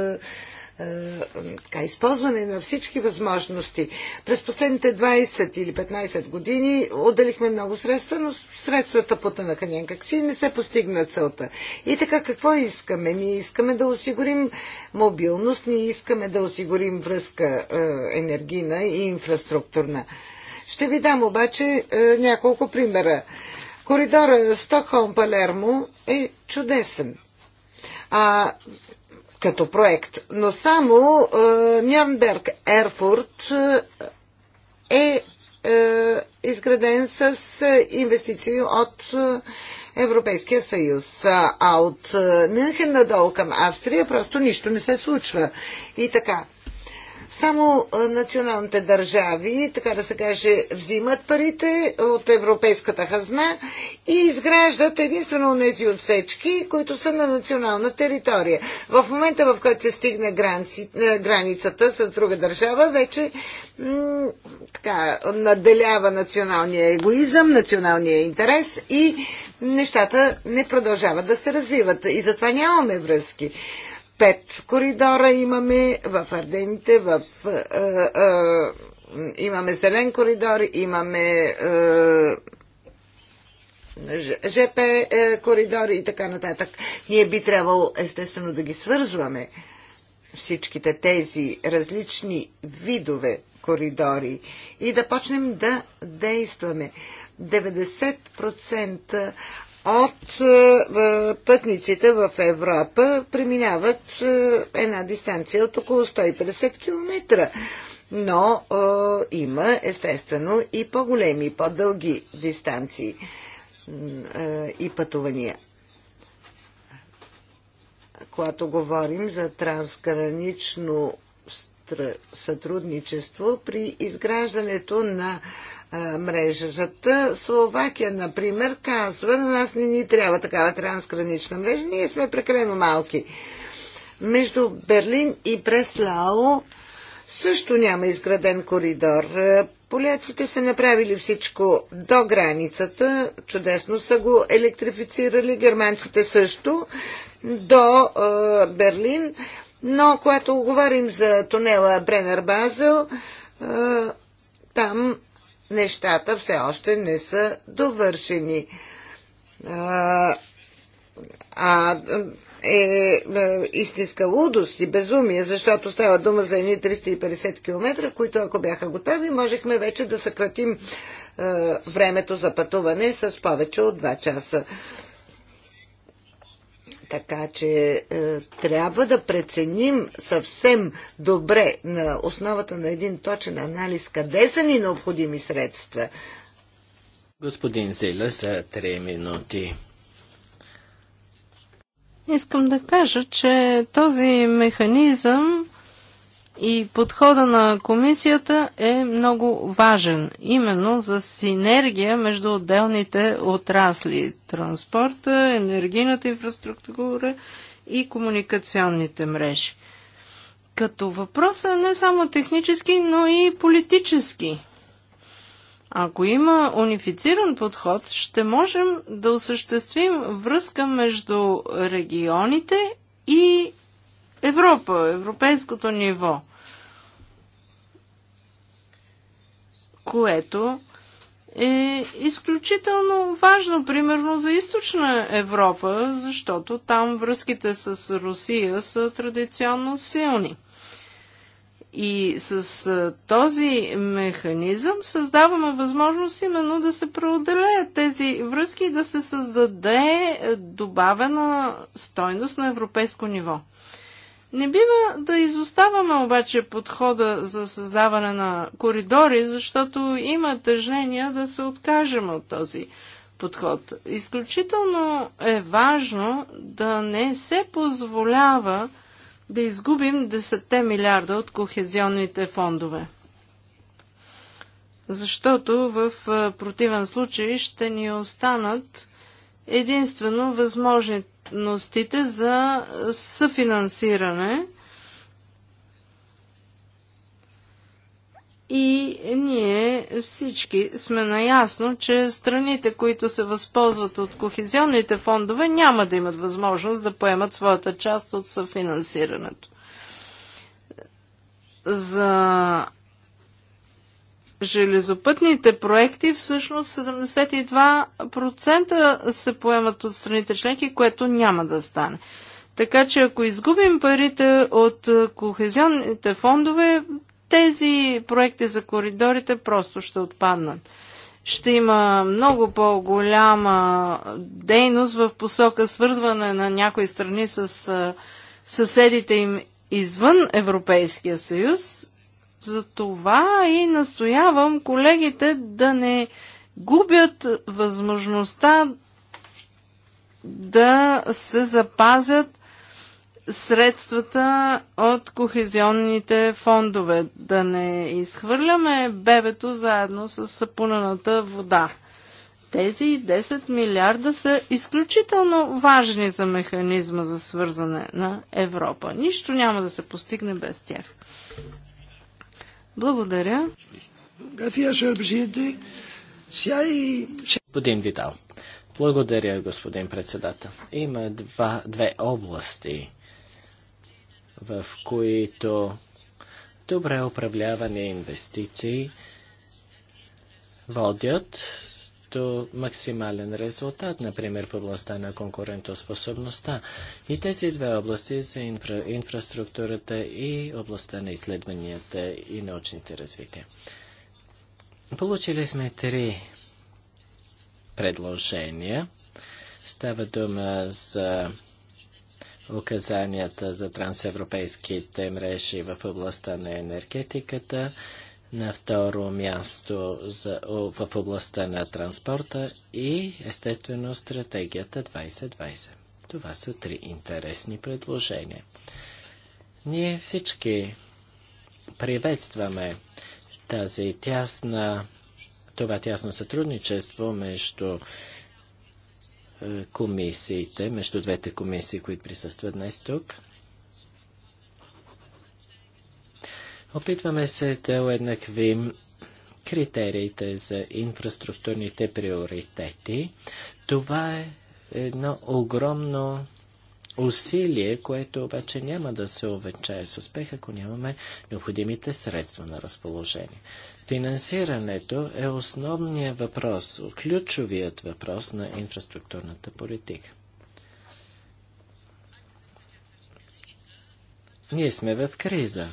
е, така, използване на всички възможности. През последните 20 или 15 години отделихме много средства, но средствата потънаха някак си и не се постигна целта. И така какво искаме? Ние искаме да осигурим мобилност, ние искаме да осигурим връзка е, енергийна и инфраструктурна. Ще ви дам обаче е, няколко примера. Коридора Стокхолм-Палермо е чудесен. А като проект. Но само е, Нюрнберг Ерфурт е, е, е изграден с инвестиции от е, Европейския съюз. А от е, Мюнхен надолу към Австрия просто нищо не се случва. И така, само националните държави, така да се каже, взимат парите от европейската хазна и изграждат единствено тези отсечки, които са на национална територия. В момента, в който се стигне границата с друга държава, вече така, наделява националния егоизъм, националния интерес и нещата не продължават да се развиват. И затова нямаме връзки пет коридора имаме в Ардените, в, а, е, а, е, имаме зелен коридор, имаме а, е, ЖП коридори и така нататък. Ние би трябвало естествено да ги свързваме всичките тези различни видове коридори и да почнем да действаме. 90% от е, пътниците в Европа преминават е, една дистанция от около 150 км. Но е, има естествено и по-големи, по-дълги дистанции е, и пътувания. Когато говорим за трансгранично сътрудничество при изграждането на е, мрежата. Словакия, например, казва, на нас не ни трябва такава трансгранична мрежа, ние сме прекалено малки. Между Берлин и Преслао също няма изграден коридор. Поляците са направили всичко до границата, чудесно са го електрифицирали, германците също, до е, Берлин. Но когато говорим за тунела Бренер Базел, е, там нещата все още не са довършени. А, а е, е истинска лудост и безумие, защото става дума за едни 350 км, които ако бяха готови, можехме вече да съкратим е, времето за пътуване с повече от 2 часа. Е, така че е, трябва да преценим съвсем добре на основата на един точен анализ къде са ни необходими средства. Господин Зила за три минути. Искам да кажа, че този механизъм и подхода на комисията е много важен, именно за синергия между отделните отрасли – транспорта, енергийната инфраструктура и комуникационните мрежи. Като въпрос е не само технически, но и политически. Ако има унифициран подход, ще можем да осъществим връзка между регионите и Европа, европейското ниво, което е изключително важно, примерно за източна Европа, защото там връзките с Русия са традиционно силни. И с този механизъм създаваме възможност именно да се преодолеят тези връзки и да се създаде добавена стойност на европейско ниво. Не бива да изоставаме обаче подхода за създаване на коридори, защото има тъжения да се откажем от този подход. Изключително е важно да не се позволява да изгубим 10 милиарда от кохезионните фондове. Защото в противен случай ще ни останат единствено възможните възможностите за съфинансиране. И ние всички сме наясно, че страните, които се възползват от кохезионните фондове, няма да имат възможност да поемат своята част от съфинансирането. За железопътните проекти всъщност 72% се поемат от страните членки, което няма да стане. Така че ако изгубим парите от е, кохезионните фондове, тези проекти за коридорите просто ще отпаднат. Ще има много по-голяма дейност в посока свързване на някои страни с е, съседите им извън Европейския съюз за това и настоявам колегите да не губят възможността да се запазят средствата от кохезионните фондове, да не изхвърляме бебето заедно с сапунената вода. Тези 10 милиарда са изключително важни за механизма за свързане на Европа. Нищо няма да се постигне без тях. Благодаря. Господин Видал. Благодаря, господин председател. Има два, две области, в които добре управлявани инвестиции водят до максимален резултат, например в областта на конкурентоспособността. И тези две области са инфра, инфраструктурата и областта на изследванията и научните развития. Получили сме три предложения. Става дума за указанията за трансевропейските мрежи в областта на енергетиката на второ място за, в областта на транспорта и естествено стратегията 2020. Това са три интересни предложения. Ние всички приветстваме тази тясна, това тясно сътрудничество между е, комисиите, между двете комисии, които присъстват днес тук. Опитваме се да уеднаквим критериите за инфраструктурните приоритети. Това е едно огромно усилие, което обаче няма да се увенчае с успех, ако нямаме необходимите средства на разположение. Финансирането е основният въпрос, ключовият въпрос на инфраструктурната политика. Ние сме в криза.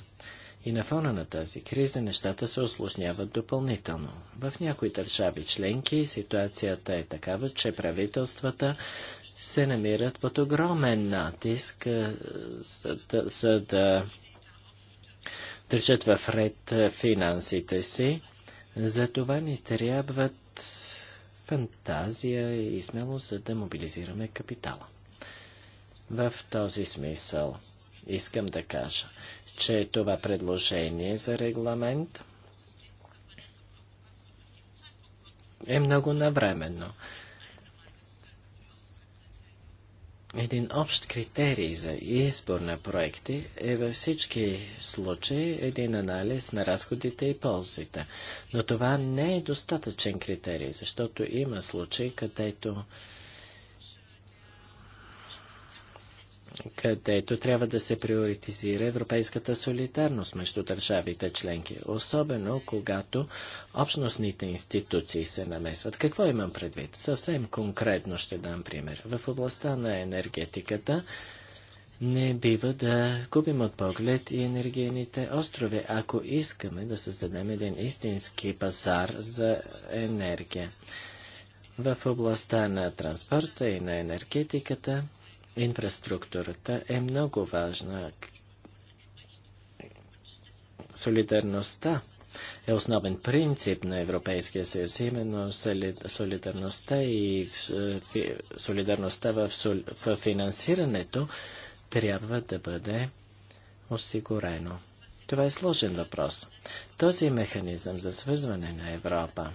И на фона на тази криза нещата се осложняват допълнително. В някои държави членки ситуацията е такава, че правителствата се намират под огромен натиск, за да, за да държат в ред финансите си. Затова ни трябват фантазия и смелост, за да мобилизираме капитала. В този смисъл искам да кажа, че това предложение за регламент е много навременно. Един общ критерий за избор на проекти е във всички случаи един анализ на разходите и ползите. Но това не е достатъчен критерий, защото има случаи, където където трябва да се приоритизира европейската солидарност между държавите членки, особено когато общностните институции се намесват. Какво имам предвид? Съвсем конкретно ще дам пример. В областта на енергетиката не бива да губим от поглед и енергийните острови, ако искаме да създадем един истински пазар за енергия. В областта на транспорта и на енергетиката Инфраструктурата е много важна. Солидарността е основен принцип на Европейския съюз. Именно солидарността и е, солидарността в, финансирането трябва да бъде осигурено. Това е сложен въпрос. Този механизъм за свързване на Европа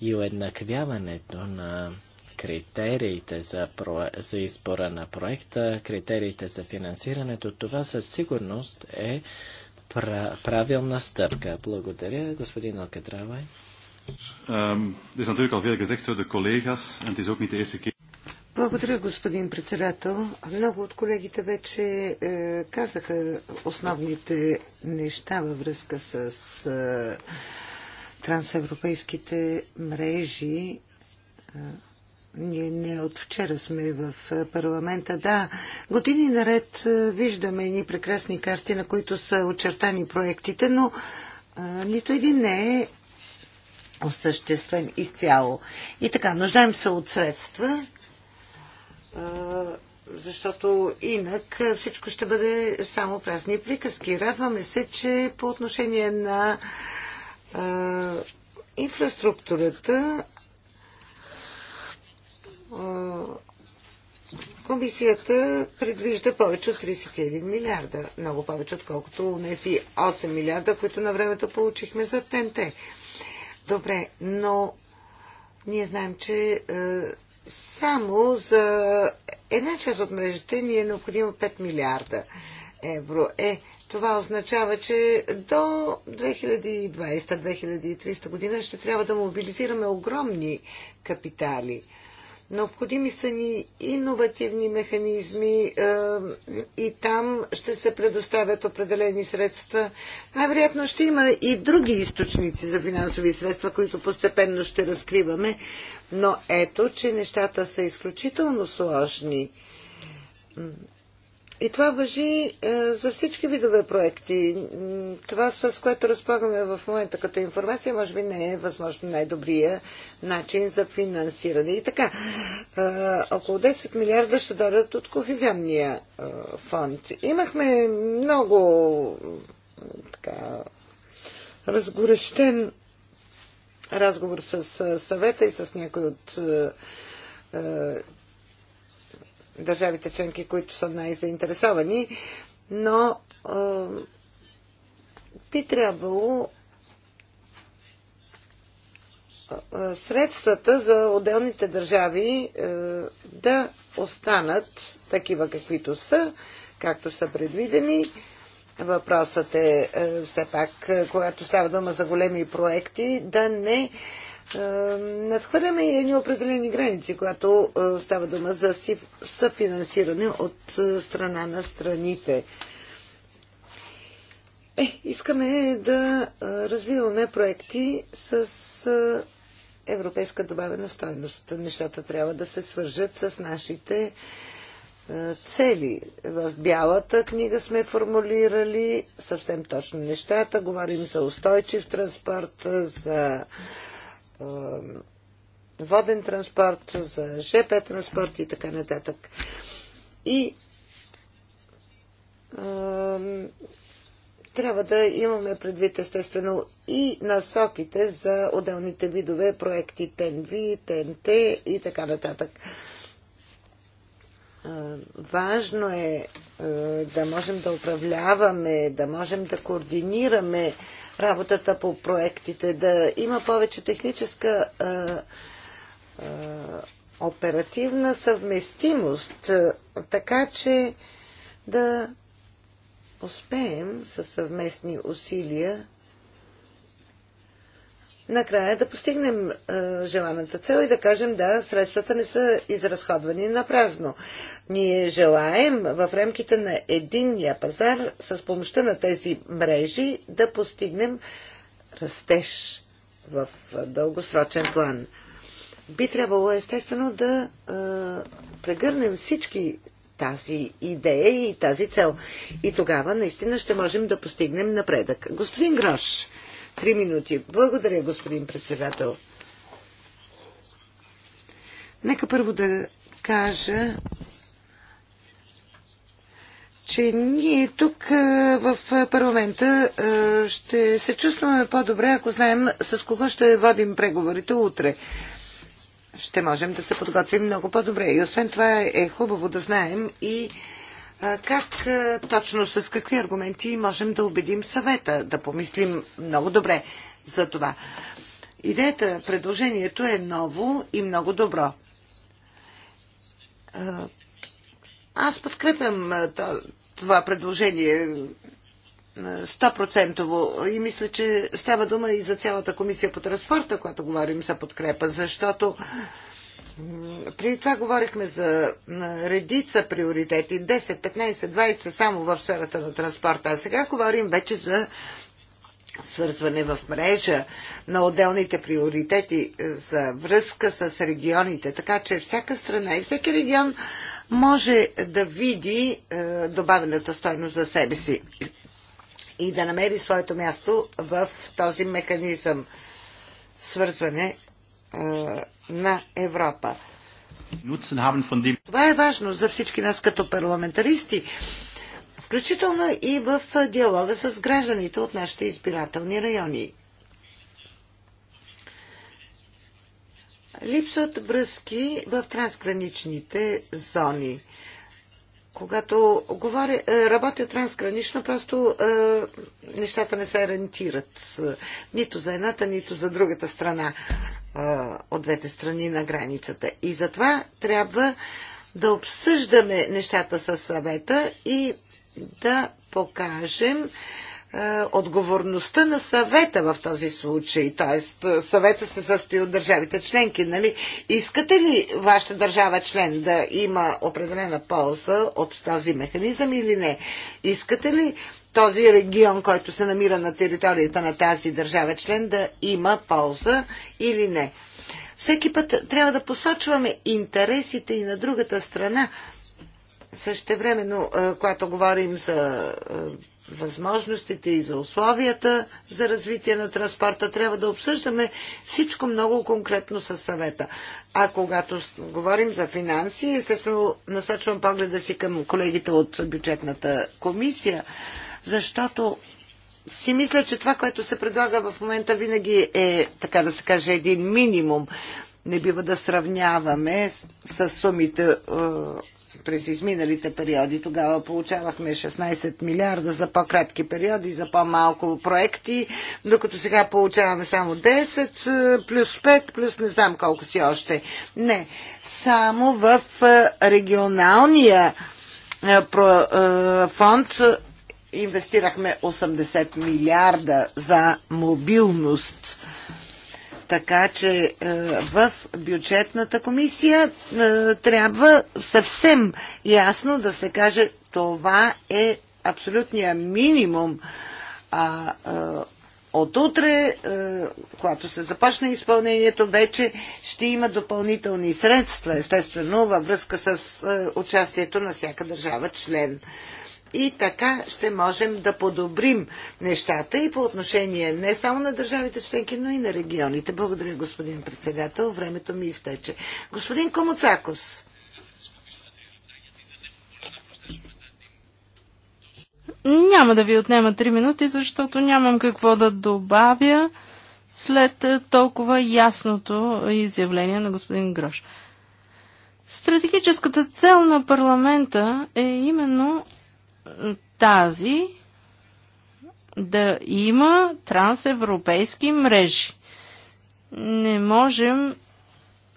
и уеднаквяването на критериите за, про... за избора на проекта, критериите за финансирането, това със сигурност е правилна стъпка. Благодаря, господин Алкадравай. Благодаря, господин председател. Много от колегите вече е, казаха основните неща във връзка с е, трансевропейските мрежи. Е, ние не от вчера сме в парламента. Да, години наред виждаме едни прекрасни карти, на които са очертани проектите, но а, нито един не е осъществен изцяло. И така, нуждаем се от средства, защото инак всичко ще бъде само празни приказки. Радваме се, че по отношение на инфраструктурата е, комисията предвижда повече от 31 милиарда. Много повече, отколкото унеси 8 милиарда, които на времето получихме за ТНТ. Добре, но ние знаем, че е, само за една част от мрежите ни е необходимо 5 милиарда евро. Е, това означава, че до 2020-2300 година ще трябва да мобилизираме огромни капитали – Необходими са ни иновативни механизми е, и там ще се предоставят определени средства. Най-вероятно ще има и други източници за финансови средства, които постепенно ще разкриваме. Но ето, че нещата са изключително сложни. И това въжи е, за всички видове проекти. Това, с което разполагаме в момента като информация, може би не е възможно най-добрия начин за финансиране. И така, е, около 10 милиарда ще дойдат от Кохезионния е, фонд. Имахме много така, разгорещен разговор с съвета и с някои от държавите членки, които са най-заинтересовани, но а, би трябвало средствата за отделните държави е, да останат такива каквито са, както са предвидени. Въпросът е, е все пак, е, когато става дума за големи проекти, да не е, надхвърляме и едни определени граници, когато е, става дума за съфинансиране от е, страна на страните. Е, искаме да развиваме проекти с европейска добавена стойност. Нещата трябва да се свържат с нашите цели. В бялата книга сме формулирали съвсем точно нещата. Говорим за устойчив транспорт, за воден транспорт, за ЖП транспорт и така нататък. И трябва да имаме предвид естествено и насоките за отделните видове проекти ТНВ, ТНТ и така нататък. Важно е да можем да управляваме, да можем да координираме работата по проектите, да има повече техническа а, а, оперативна съвместимост, така че да успеем със съвместни усилия накрая да постигнем е, желаната цел и да кажем да, средствата не са изразходвани на празно. Ние желаем в рамките на единния пазар с помощта на тези мрежи да постигнем растеж в дългосрочен план. Би трябвало естествено да е, прегърнем всички тази идея и тази цел. И тогава наистина ще можем да постигнем напредък. Господин Грош, Три минути. Благодаря, господин председател. Нека първо да кажа, че ние тук в парламента ще се чувстваме по-добре, ако знаем с кого ще водим преговорите утре. Ще можем да се подготвим много по-добре. И освен това е хубаво да знаем и как точно с какви аргументи можем да убедим съвета да помислим много добре за това? Идеята, предложението е ново и много добро. Аз подкрепям това предложение 100% и мисля, че става дума и за цялата комисия по транспорта, когато говорим за подкрепа, защото преди това говорихме за редица приоритети 10, 15, 20 само в сферата на транспорта, а сега говорим вече за свързване в мрежа на отделните приоритети е, за връзка с регионите. Така че всяка страна и всеки регион може да види е, добавената стойност за себе си и да намери своето място в този механизъм свързване на Европа. Това е важно за всички нас като парламентаристи, включително и в диалога с гражданите от нашите избирателни райони. Липсват връзки в трансграничните зони. Когато говоря, е, работя трансгранично, просто е, нещата не се ориентират е, нито за едната, нито за другата страна е, от двете страни на границата. И затова трябва да обсъждаме нещата със съвета и да покажем е, е, отговорността на съвета в този случай. Тоест, е, съвета се състои от държавите членки, нали? Искате ли вашата държава член да има определена полза от този механизъм или не? Искате ли този регион, който се намира на територията на тази държава член, да има полза или не? Всеки път трябва да посочваме интересите и на другата страна. Същевременно, е, когато говорим за възможностите и за условията за развитие на транспорта. Трябва да обсъждаме всичко много конкретно със съвета. А когато говорим за финанси, естествено насочвам погледа си към колегите от бюджетната комисия, защото си мисля, че това, което се предлага в момента, винаги е, така да се каже, един минимум. Не бива да сравняваме с сумите е, през изминалите периоди. Тогава получавахме 16 милиарда за по-кратки периоди, за по-малко проекти, докато сега получаваме само 10, плюс 5, плюс не знам колко си още. Не, само в регионалния фонд инвестирахме 80 милиарда за мобилност така че е, в бюджетната комисия е, трябва съвсем ясно да се каже това е абсолютния минимум. А, а е, от утре, когато се започне изпълнението, вече ще има допълнителни средства, естествено, във връзка с участието на всяка държава член. И така ще можем да подобрим нещата и по отношение не само на държавите членки, но и на регионите. Благодаря, господин председател. Времето ми изтече. Господин Комуцакос. Няма да ви отнема 3 минути, защото нямам какво да добавя след е, толкова ясното изявление на господин Грош. Стратегическата цел на парламента е именно тази да има трансевропейски мрежи. Не можем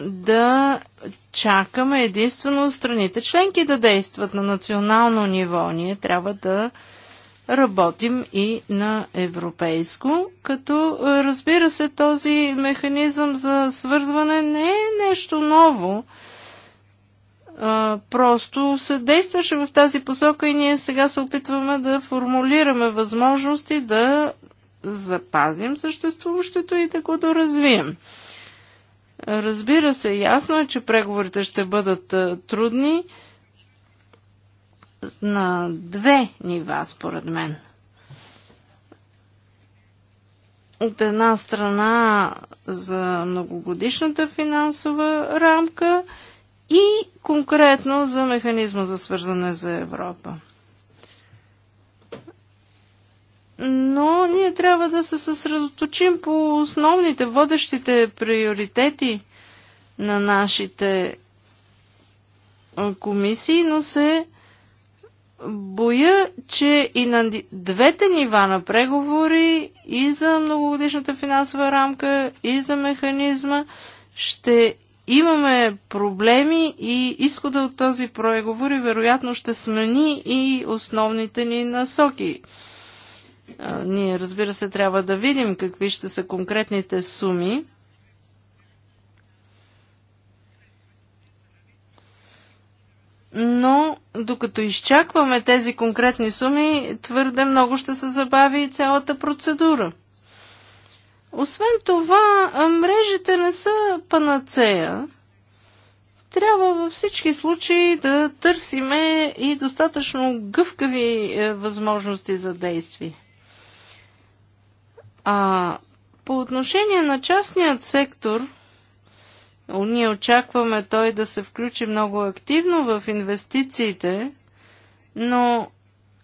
да чакаме единствено страните членки да действат на национално ниво. Ние трябва да работим и на европейско, като разбира се този механизъм за свързване не е нещо ново просто се действаше в тази посока и ние сега се опитваме да формулираме възможности да запазим съществуващото и да го доразвием. Разбира се, ясно е, че преговорите ще бъдат трудни на две нива, според мен. От една страна за многогодишната финансова рамка – и конкретно за механизма за свързане за Европа. Но ние трябва да се съсредоточим по основните, водещите приоритети на нашите комисии, но се боя, че и на двете нива на преговори и за многогодишната финансова рамка, и за механизма ще имаме проблеми и изхода от този преговори вероятно ще смени и основните ни насоки. Ние, разбира се, трябва да видим какви ще са конкретните суми. Но докато изчакваме тези конкретни суми, твърде много ще се забави и цялата процедура. Освен това, мрежите не са панацея. Трябва във всички случаи да търсиме и достатъчно гъвкави е, възможности за действие. А по отношение на частният сектор, ние очакваме той да се включи много активно в инвестициите, но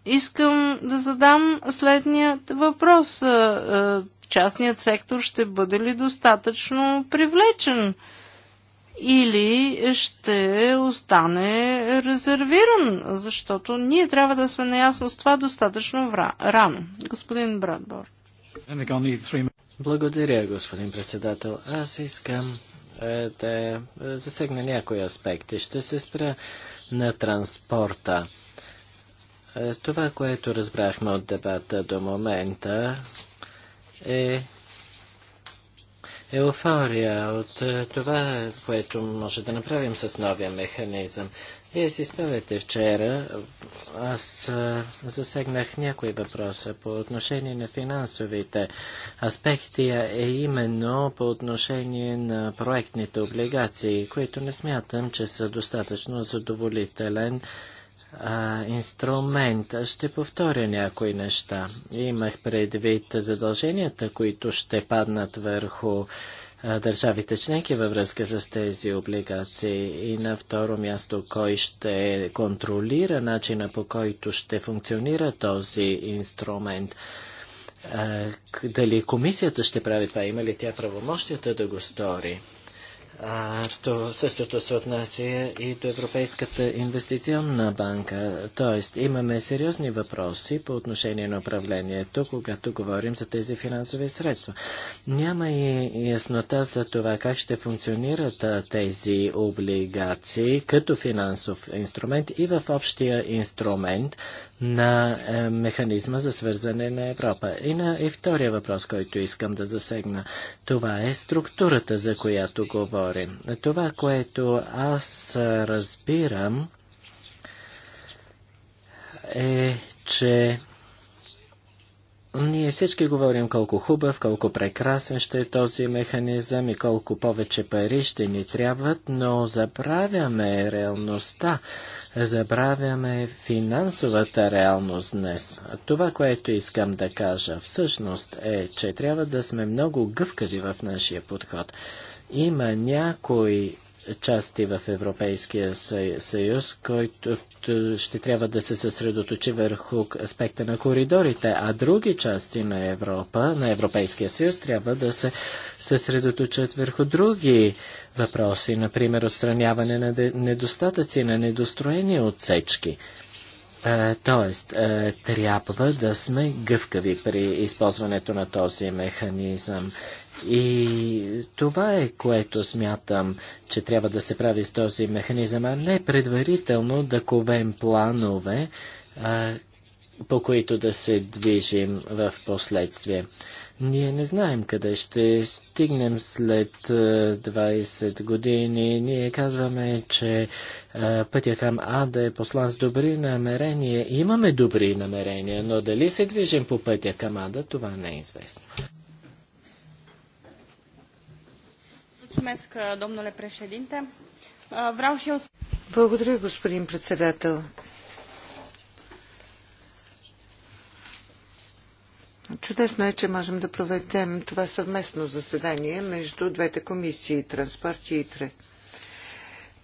искам да задам следният въпрос. Е, е, частният сектор ще бъде ли достатъчно привлечен или ще остане резервиран, защото ние трябва да сме наясно с това достатъчно рано. Господин Брадбор. Благодаря, господин председател. Аз искам е, да засегна някои аспекти. Ще се спра на транспорта. Е, това, което разбрахме от дебата до момента, е, е еуфория от е, това, което може да направим с новия механизъм. Вие си спомняте вчера, аз е, засегнах някои въпроса по отношение на финансовите аспекти, а е именно по отношение на проектните облигации, които не смятам, че са достатъчно задоволителен а, инструмент. Ще повторя някои неща. Имах предвид задълженията, които ще паднат върху държавите членки във връзка с тези облигации и на второ място кой ще контролира начина по който ще функционира този инструмент. дали комисията ще прави това? Има ли тя правомощията да го стори? А, то същото се отнася и до Европейската инвестиционна банка. Тоест, имаме сериозни въпроси по отношение на управлението, когато говорим за тези финансови средства. Няма и яснота за това как ще функционират тези облигации като финансов инструмент и в общия инструмент на е, механизма за свързане на Европа. И, на, и втория въпрос, който искам да засегна, това е структурата, за която говорим говори. Това, което аз разбирам, е, че ние всички говорим колко хубав, колко прекрасен ще е този механизъм и колко повече пари ще ни трябват, но забравяме реалността, забравяме финансовата реалност днес. Това, което искам да кажа всъщност е, че трябва да сме много гъвкави в нашия подход. Има някои части в Европейския съюз, който ще трябва да се съсредоточи върху аспекта на коридорите, а други части на Европа, на Европейския съюз, трябва да се съсредоточат върху други въпроси, например отстраняване на недостатъци, на недостроени отсечки. Тоест, трябва да сме гъвкави при използването на този механизъм. И това е което смятам, че трябва да се прави с този механизъм, а не предварително да ковем планове, а, по които да се движим в последствие. Ние не знаем къде ще стигнем след 20 години. Ние казваме, че пътя към Ада е послан с добри намерения. Имаме добри намерения, но дали се движим по пътя към Ада, това не е известно. Mulțumesc, domnule președinte. Vreau și eu... Благодаря, господин председател. Чудесно е, че можем да проведем това съвместно заседание между двете комисии, транспорт и ИТРЕ.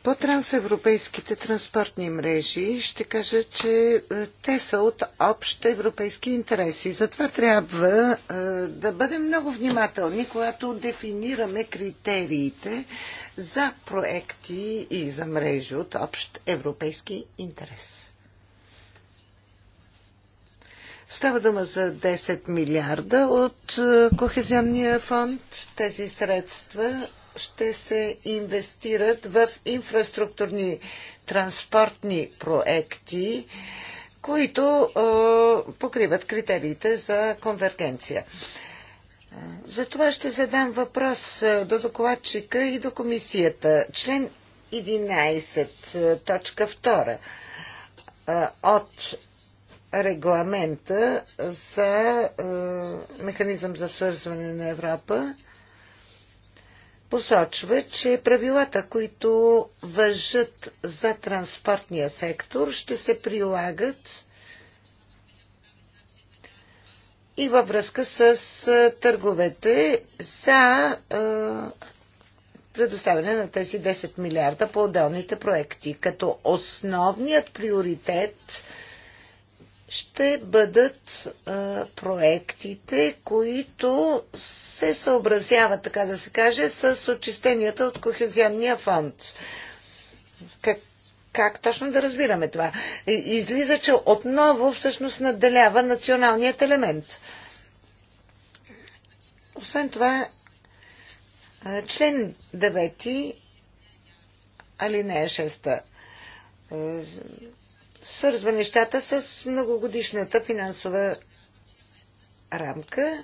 По трансевропейските транспортни мрежи ще кажа, че е, те са от общ европейски интереси. Затова трябва е, да бъдем много внимателни, когато дефинираме критериите за проекти и за мрежи от общ европейски интерес. Става дума за 10 милиарда от е, Кохезионния фонд. Тези средства ще се инвестират в инфраструктурни транспортни проекти, които покриват критериите за конвергенция. За това ще задам въпрос до докладчика и до комисията. Член 11, точка 2 от регламента за механизъм за свързване на Европа посочва, че правилата, които въжат за транспортния сектор, ще се прилагат и във връзка с търговете за предоставяне на тези 10 милиарда по отделните проекти, като основният приоритет е ще бъдат а, проектите, които се съобразяват, така да се каже, с отчистенията от Кохезионния фонд. Как, как точно да разбираме това? Излиза, че отново всъщност надделява националният елемент. Освен това, член 9, алинея 6 свързва нещата с многогодишната финансова рамка.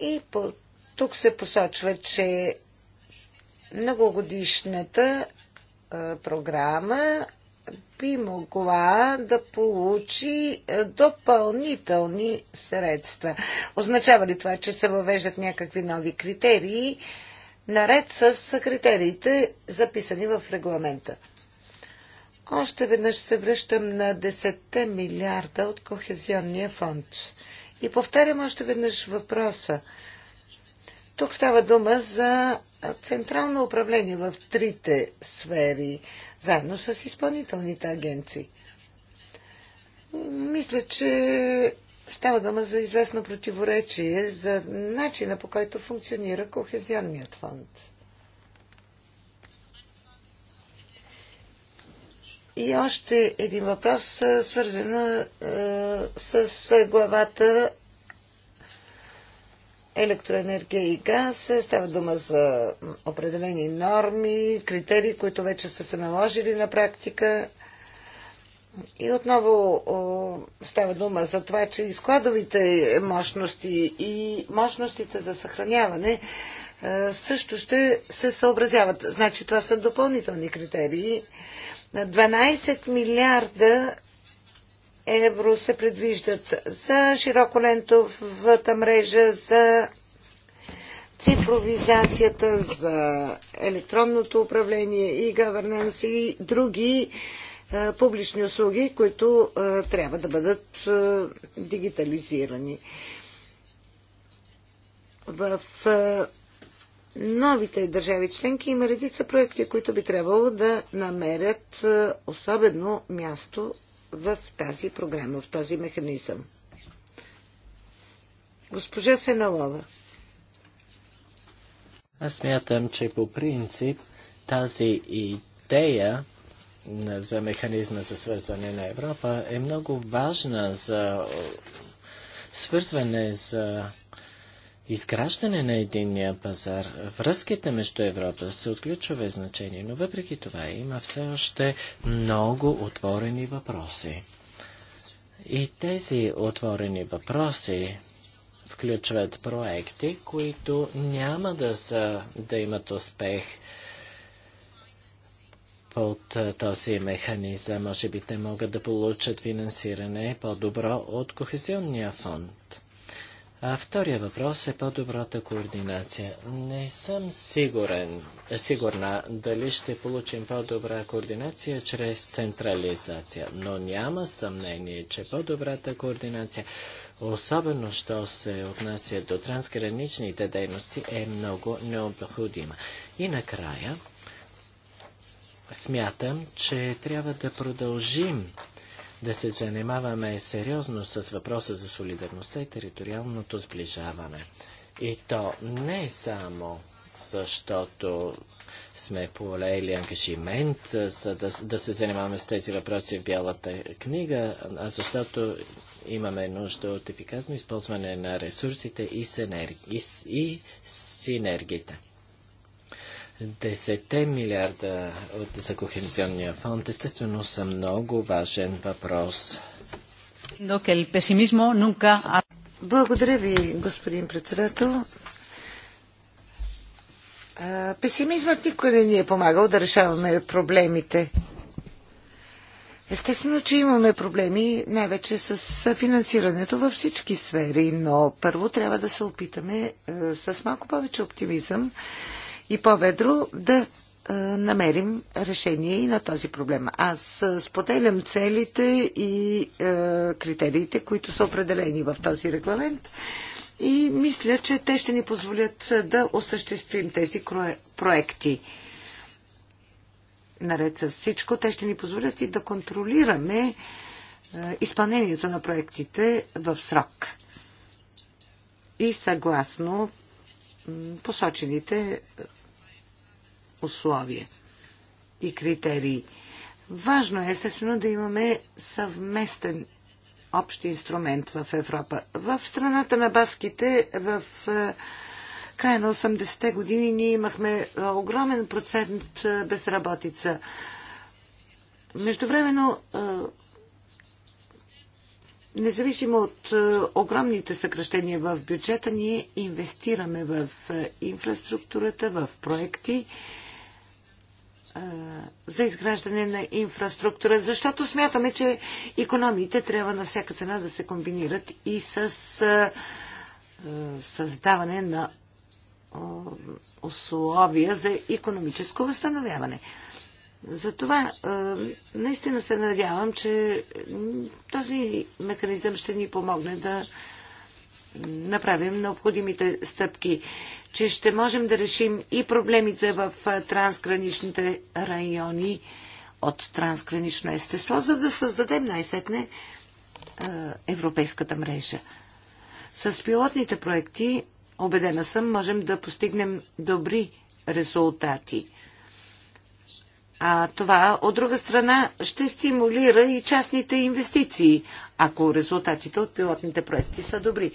И по, тук се посочва, че многогодишната а, програма би могла да получи допълнителни средства. Означава ли това, че се въвеждат някакви нови критерии, наред с критериите, записани в регламента? Още веднъж се връщам на 10 милиарда от Кохезионния фонд. И повтарям още веднъж въпроса. Тук става дума за централно управление в трите сфери, заедно с изпълнителните агенции. Мисля, че става дума за известно противоречие за начина по който функционира Кохезионният фонд. И още един въпрос, свързан с главата електроенергия и газ. Става дума за определени норми, критерии, които вече са се наложили на практика. И отново става дума за това, че и складовите мощности и мощностите за съхраняване също ще се съобразяват. Значи това са допълнителни критерии на 12 милиарда евро се предвиждат за широколентовата мрежа, за цифровизацията, за електронното управление и governance и други публични услуги, които трябва да бъдат дигитализирани. В новите държави членки има редица проекти, които би трябвало да намерят е, особено място в тази програма, в този механизъм. Госпожа Сеналова. Аз мятам, че по принцип тази идея за механизма за свързване на Европа е много важна за свързване за изграждане на единния пазар, връзките между Европа са от ключове значение, но въпреки това има все още много отворени въпроси. И тези отворени въпроси включват проекти, които няма да, са, да имат успех под този механизъм. Може би те могат да получат финансиране по-добро от Кохезионния фонд. А втория въпрос е по-добрата координация. Не съм сигурен, е, сигурна дали ще получим по-добра координация чрез централизация, но няма съмнение, че по-добрата координация, особено що се отнася до трансграничните дейности, е много необходима. И накрая, смятам, че трябва да продължим да се занимаваме сериозно с въпроса за солидарността и териториалното сближаване. И то не само защото сме полели ангажимент за да, да се занимаваме с тези въпроси в Бялата книга, а защото имаме нужда от ефикасно използване на ресурсите и, синерги, и, и синергите. 10 милиарда за Кохензионния фонд естествено са много важен въпрос. Благодаря ви, господин председател. Песимизмът никой не ни е помагал да решаваме проблемите. Естествено, че имаме проблеми най-вече с финансирането във всички сфери, но първо трябва да се опитаме с малко повече оптимизъм и по-ведро да намерим решение и на този проблем. Аз споделям целите и а, критериите, които са определени в този регламент и мисля, че те ще ни позволят да осъществим тези проекти. Наред с всичко, те ще ни позволят и да контролираме изпълнението на проектите в срок. И съгласно посочените условия и критерии. Важно е, естествено, да имаме съвместен общ инструмент в Европа. В страната на баските, в е, края на 80-те години, ние имахме е, огромен процент е, безработица. Междувременно, независимо от огромните съкръщения в бюджета, ние инвестираме в инфраструктурата, в проекти, за изграждане на инфраструктура, защото смятаме, че економиите трябва на всяка цена да се комбинират и с създаване на условия за економическо възстановяване. Затова наистина се надявам, че този механизъм ще ни помогне да направим необходимите стъпки, че ще можем да решим и проблемите в трансграничните райони от трансгранично естество, за да създадем най-сетне европейската мрежа. С пилотните проекти, убедена съм, можем да постигнем добри резултати – а това, от друга страна, ще стимулира и частните инвестиции, ако резултатите от пилотните проекти са добри.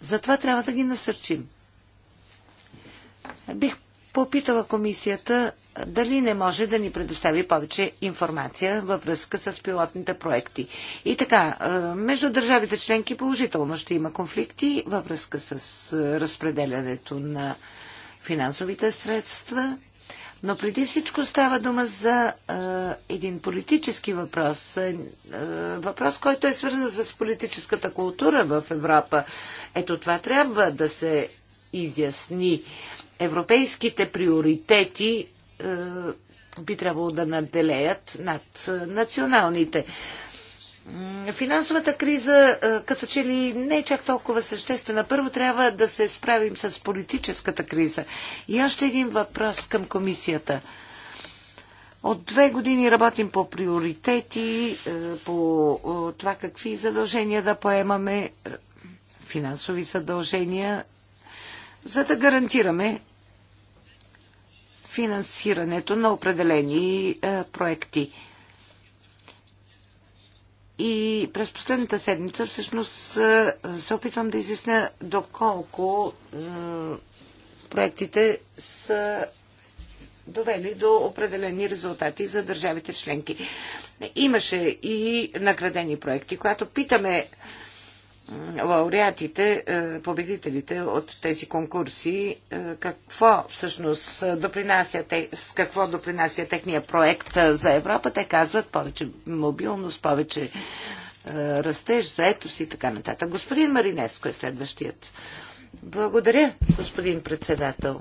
Затова трябва да ги насърчим. Бих попитала комисията дали не може да ни предостави повече информация във връзка с пилотните проекти. И така, между държавите членки положително ще има конфликти във връзка с разпределянето на финансовите средства но преди всичко става дума за а, един политически въпрос. А, е, е, въпрос, който е свързан с политическата култура в Европа. Ето това трябва да се изясни. Европейските приоритети а, е, би трябвало да наделеят над националните. Финансовата криза е, като че ли не е чак толкова съществена. Първо трябва да се справим с политическата криза. И още един въпрос към комисията. От две години работим по приоритети, е, по това какви задължения да поемаме, е, финансови задължения, за да гарантираме финансирането на определени проекти. И през последната седмица всъщност е, се опитвам да изясня доколко е, проектите са довели до определени резултати за държавите членки. Имаше и наградени проекти, когато питаме лауреатите, е, победителите от тези конкурси, е, какво всъщност допринася, с какво допринася техния проект е, за Европа, те казват повече мобилност, повече растеж, заетост и така нататък. Господин Маринеско е следващият. Благодаря, господин председател.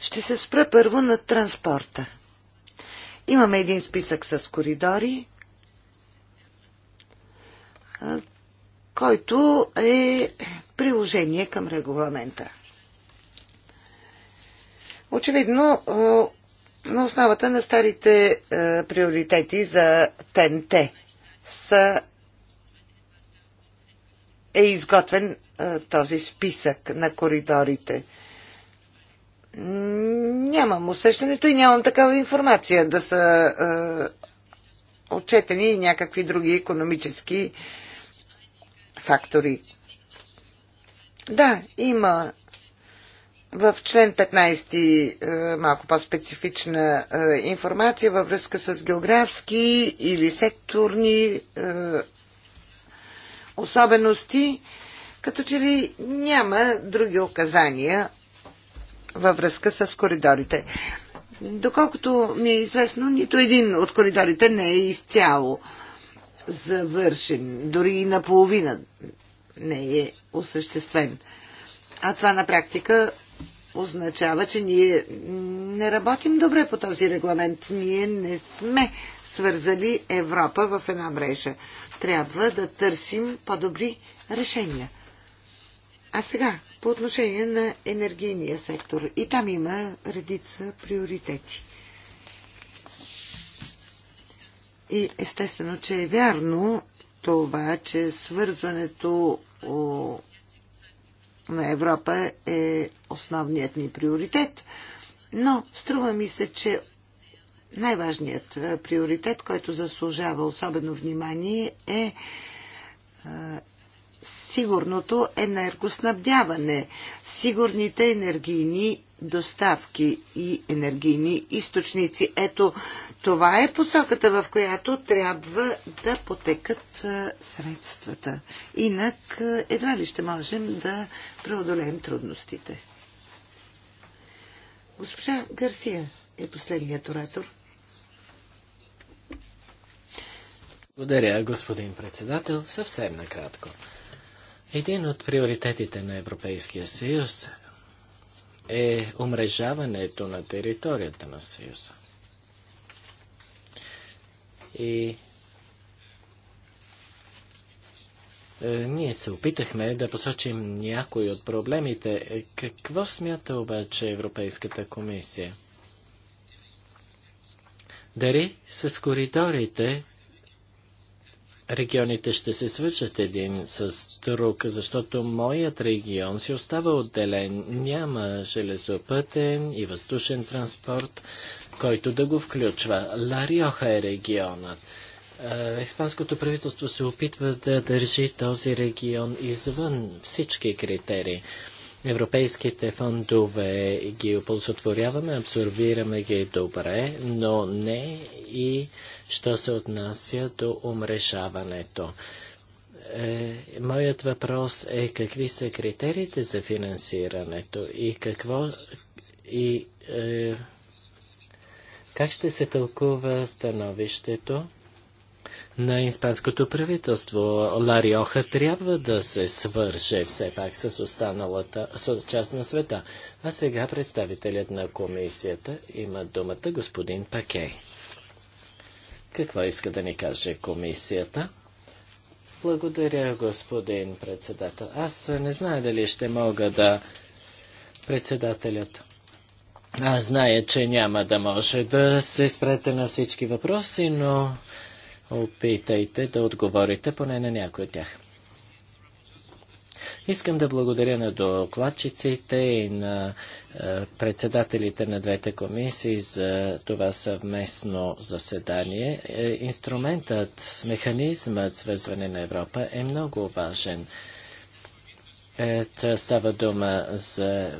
Ще се спра първо на транспорта. Имаме един списък с коридори, който е приложение към регламента. Очевидно, на основата на старите приоритети за ТНТ са, е изготвен този списък на коридорите. Нямам усещането и нямам такава информация да са е, отчетени и някакви други економически е, фактори. Да, има в член 15 е, малко по-специфична е, информация във връзка с географски или секторни е, особености, като че ли няма други указания във връзка с коридорите. Доколкото ми е известно, нито един от коридорите не е изцяло завършен, дори и наполовина не е осъществен. А това на практика означава, че ние не работим добре по този регламент. Ние не сме свързали Европа в една мрежа. Трябва да търсим по-добри решения. А сега, по отношение на енергийния сектор. И там има редица приоритети. И естествено, че е вярно това, че свързването на Европа е основният ни приоритет. Но струва ми се, че най-важният е, приоритет, който заслужава особено внимание е, е сигурното енергоснабдяване, сигурните енергийни доставки и енергийни източници. Ето, това е посоката, в която трябва да потекат средствата. Инак едва ли ще можем да преодолеем трудностите. Госпожа Гарсия е последният оратор. Благодаря, господин председател. Съвсем накратко. Един от приоритетите на Европейския съюз е умрежаването на територията на Съюза. И е, ние се опитахме да посочим някои от проблемите. Е, какво смята обаче Европейската комисия? Дари с коридорите регионите ще се свържат един с друг, защото моят регион си остава отделен. Няма железопътен и въздушен транспорт, който да го включва. Лариоха е регионът. Испанското правителство се опитва да държи този регион извън всички критерии. Европейските фондове ги оползотворяваме, абсорбираме ги добре, но не и що се отнася до умрешаването. Е, моят въпрос е какви са критериите за финансирането и какво и е, как ще се тълкува становището на испанското правителство. Лариоха трябва да се свърже все пак с останалата с част на света. А сега представителят на комисията има думата господин Пакей. Какво иска да ни каже комисията? Благодаря, господин председател. Аз не знае дали ще мога да председателят. Аз зная, че няма да може да се спрете на всички въпроси, но опитайте да отговорите поне на някой от тях. Искам да благодаря на докладчиците и на е, председателите на двете комисии за това съвместно заседание. Е, инструментът, механизмът свързване на Европа е много важен. Е, става дума за е,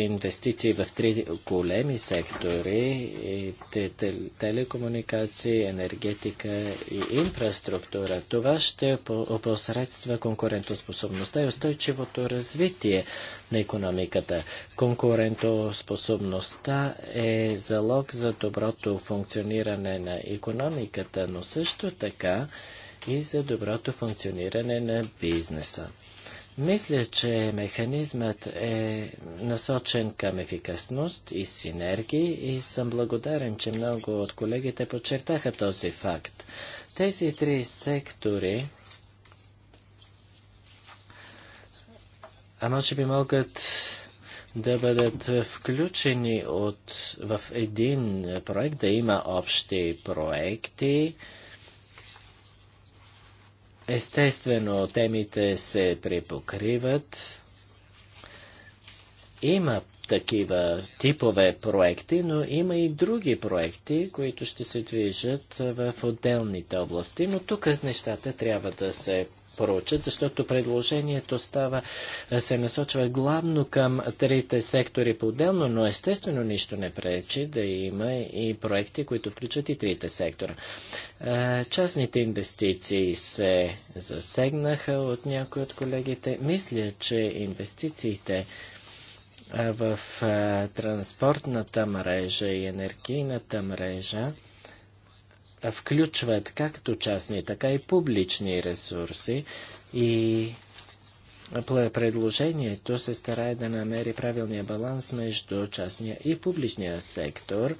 инвестиции в три големи сектори – телекомуникации, енергетика и инфраструктура. Това ще опосредства конкурентоспособността и устойчивото развитие на економиката. Конкурентоспособността е залог за доброто функциониране на економиката, но също така и за доброто функциониране на бизнеса. Мисля, че механизмът е насочен към ефикасност и синергии и съм благодарен, че много от колегите подчертаха този факт. Тези три сектори а може би могат да бъдат включени от, в един проект, да има общи проекти, Естествено, темите се препокриват. Има такива типове проекти, но има и други проекти, които ще се движат в отделните области, но тук нещата трябва да се проучат, защото предложението става, е, се насочва главно към трите сектори по-отделно, но естествено нищо не пречи да има и проекти, които включват и трите сектора. Е, частните инвестиции се засегнаха от някои от колегите. Мисля, че инвестициите е, в транспортната мрежа и енергийната мрежа включват както частни, така и публични ресурси и предложението се старае да намери правилния баланс между частния и публичния сектор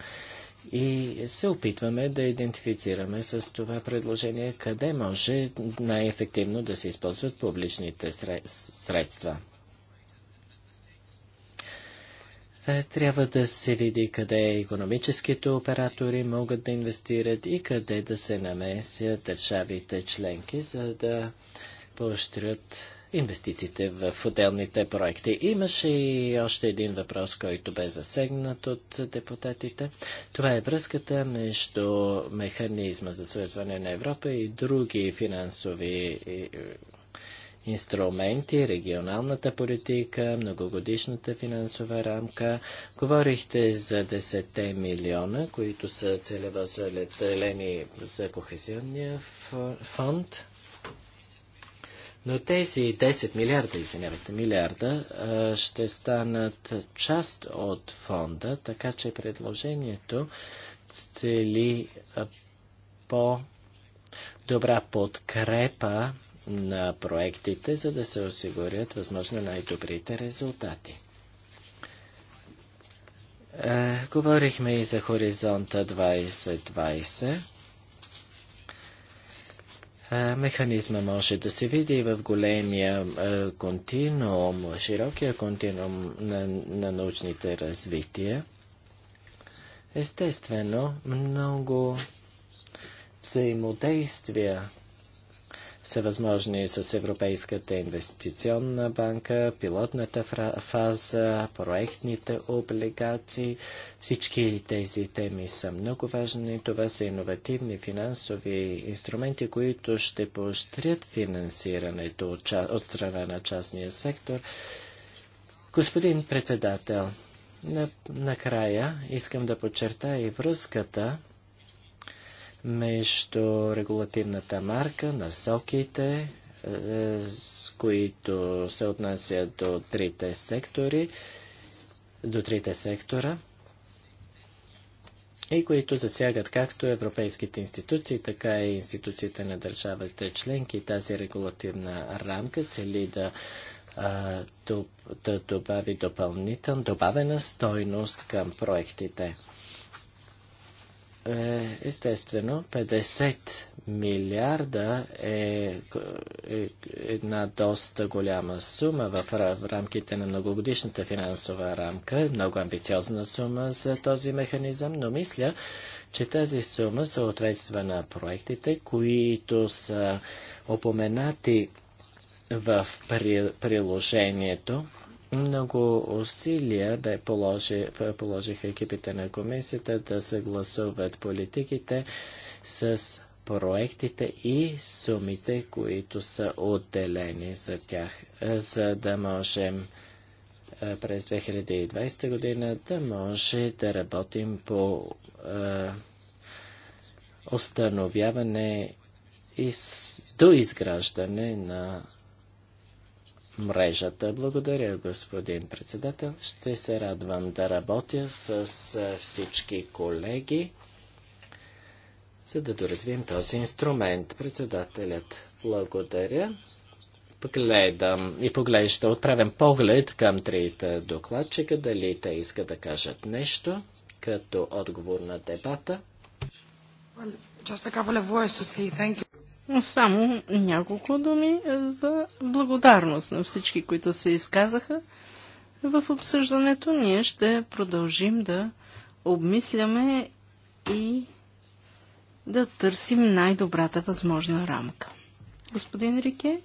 и се опитваме да идентифицираме с това предложение къде може най-ефективно да се използват публичните средства. Е, трябва да се види къде економическите оператори могат да инвестират и къде да се намесят държавите членки, за да поощрят инвестициите в отделните проекти. Имаше и още един въпрос, който бе засегнат от депутатите. Това е връзката между механизма за свързване на Европа и други финансови инструменти, регионалната политика, многогодишната финансова рамка. Говорихте за 10 милиона, които са целево залетелени за кохезионния фонд. Но тези 10 милиарда, извинявате, милиарда, ще станат част от фонда, така че предложението цели по-добра подкрепа на проектите, за да се осигурят възможно най-добрите резултати. Е, говорихме и за хоризонта 2020. Е, механизма може да се види и в големия е, континуум, широкия континуум на, на научните развития. Естествено, много взаимодействия са възможни с Европейската инвестиционна банка, пилотната фаза, проектните облигации. Всички тези теми са много важни. Това са иновативни финансови инструменти, които ще поощрят финансирането от страна на частния сектор. Господин председател, накрая искам да подчертая и връзката между регулативната марка, насоките, е, с които се отнасят до трите сектори, до трите сектора и които засягат както европейските институции, така и институциите на държавите членки. Тази регулативна рамка цели да, да добави допълнителна добавена стойност към проектите. Е, естествено, 50 милиарда е, е една доста голяма сума в рамките на многогодишната финансова рамка, много амбициозна сума за този механизъм, но мисля, че тази сума съответства на проектите, които са опоменати в приложението. Много усилия бе положи, положиха екипите на комисията да съгласуват политиките с проектите и сумите, които са отделени за тях, за да можем през 2020 година да може да работим по е, установяване и до изграждане на мрежата. Благодаря, господин председател. Ще се радвам да работя с всички колеги, за да доразвием този инструмент. Председателят, благодаря. Гледам и поглежда, отправям поглед към трите докладчика, дали те искат да кажат нещо като отговор на дебата. Well, just a couple of thank you. Само няколко думи е, за благодарност на всички, които се изказаха. В обсъждането ние ще продължим да обмисляме и да търсим най-добрата възможна рамка. Господин Рике?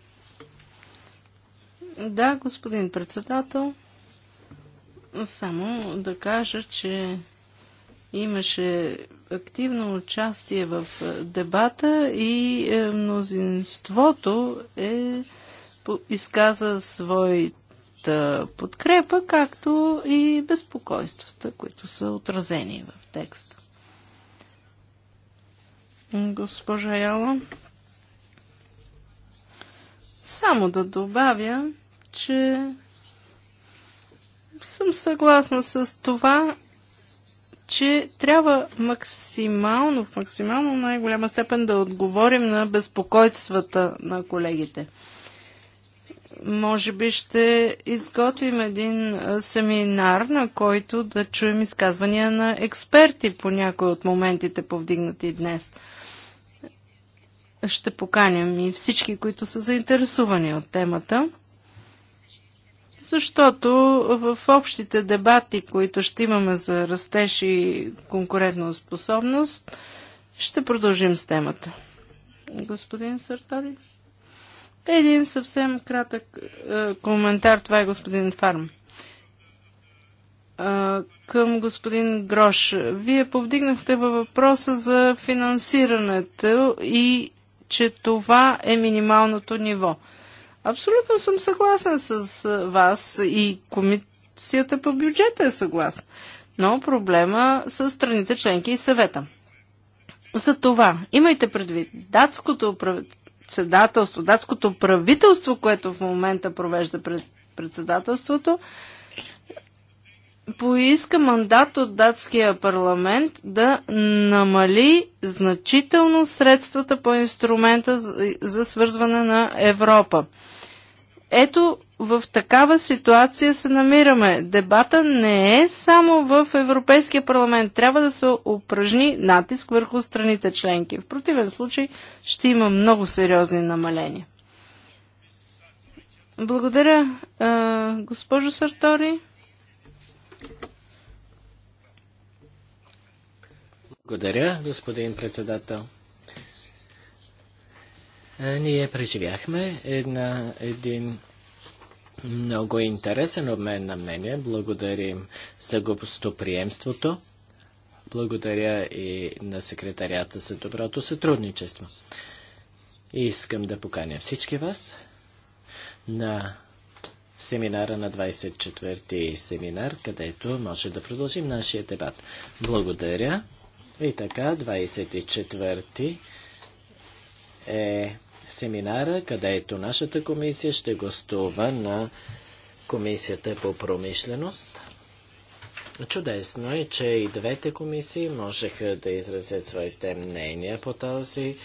Да, господин председател. Само да кажа, че имаше активно участие в е, дебата и е, мнозинството е изказа своята подкрепа, както и безпокойствата, които са отразени в текста. Госпожа Яла, само да добавя, че съм съгласна с това, че трябва максимално, в максимално най-голяма степен да отговорим на безпокойствата на колегите. Може би ще изготвим един семинар, на който да чуем изказвания на експерти по някои от моментите повдигнати днес. Ще поканям и всички, които са заинтересувани от темата защото в общите дебати, които ще имаме за растеж и конкурентна способност, ще продължим с темата. Господин Сартори? Един съвсем кратък е, коментар. Това е господин Фарм. Е, към господин Грош. вие повдигнахте във въпроса за финансирането и че това е минималното ниво. Е, Абсолютно съм съгласен с вас и комисията по бюджета е съгласна. Но проблема с страните членки и съвета. За това, имайте предвид, датското председателство, датското правителство, което в момента провежда пред председателството, поиска мандат от датския парламент да намали значително средствата по инструмента за свързване на Европа. Ето в такава ситуация се намираме. Дебата не е само в Европейския парламент. Трябва да се упражни натиск върху страните членки. В противен случай ще има много сериозни намаления. Благодаря, госпожо Сартори. Благодаря, господин председател. Ние преживяхме една, един много интересен обмен на мнение. Благодарим за гостоприемството. Благодаря и на секретарията за доброто сътрудничество. Искам да поканя всички вас на семинара на 24-ти семинар, където може да продължим нашия дебат. Благодаря. И така, 24 е семинара, където нашата комисия ще гостува на Комисията по промишленост. Чудесно е, че и двете комисии можеха да изразят своите мнения по този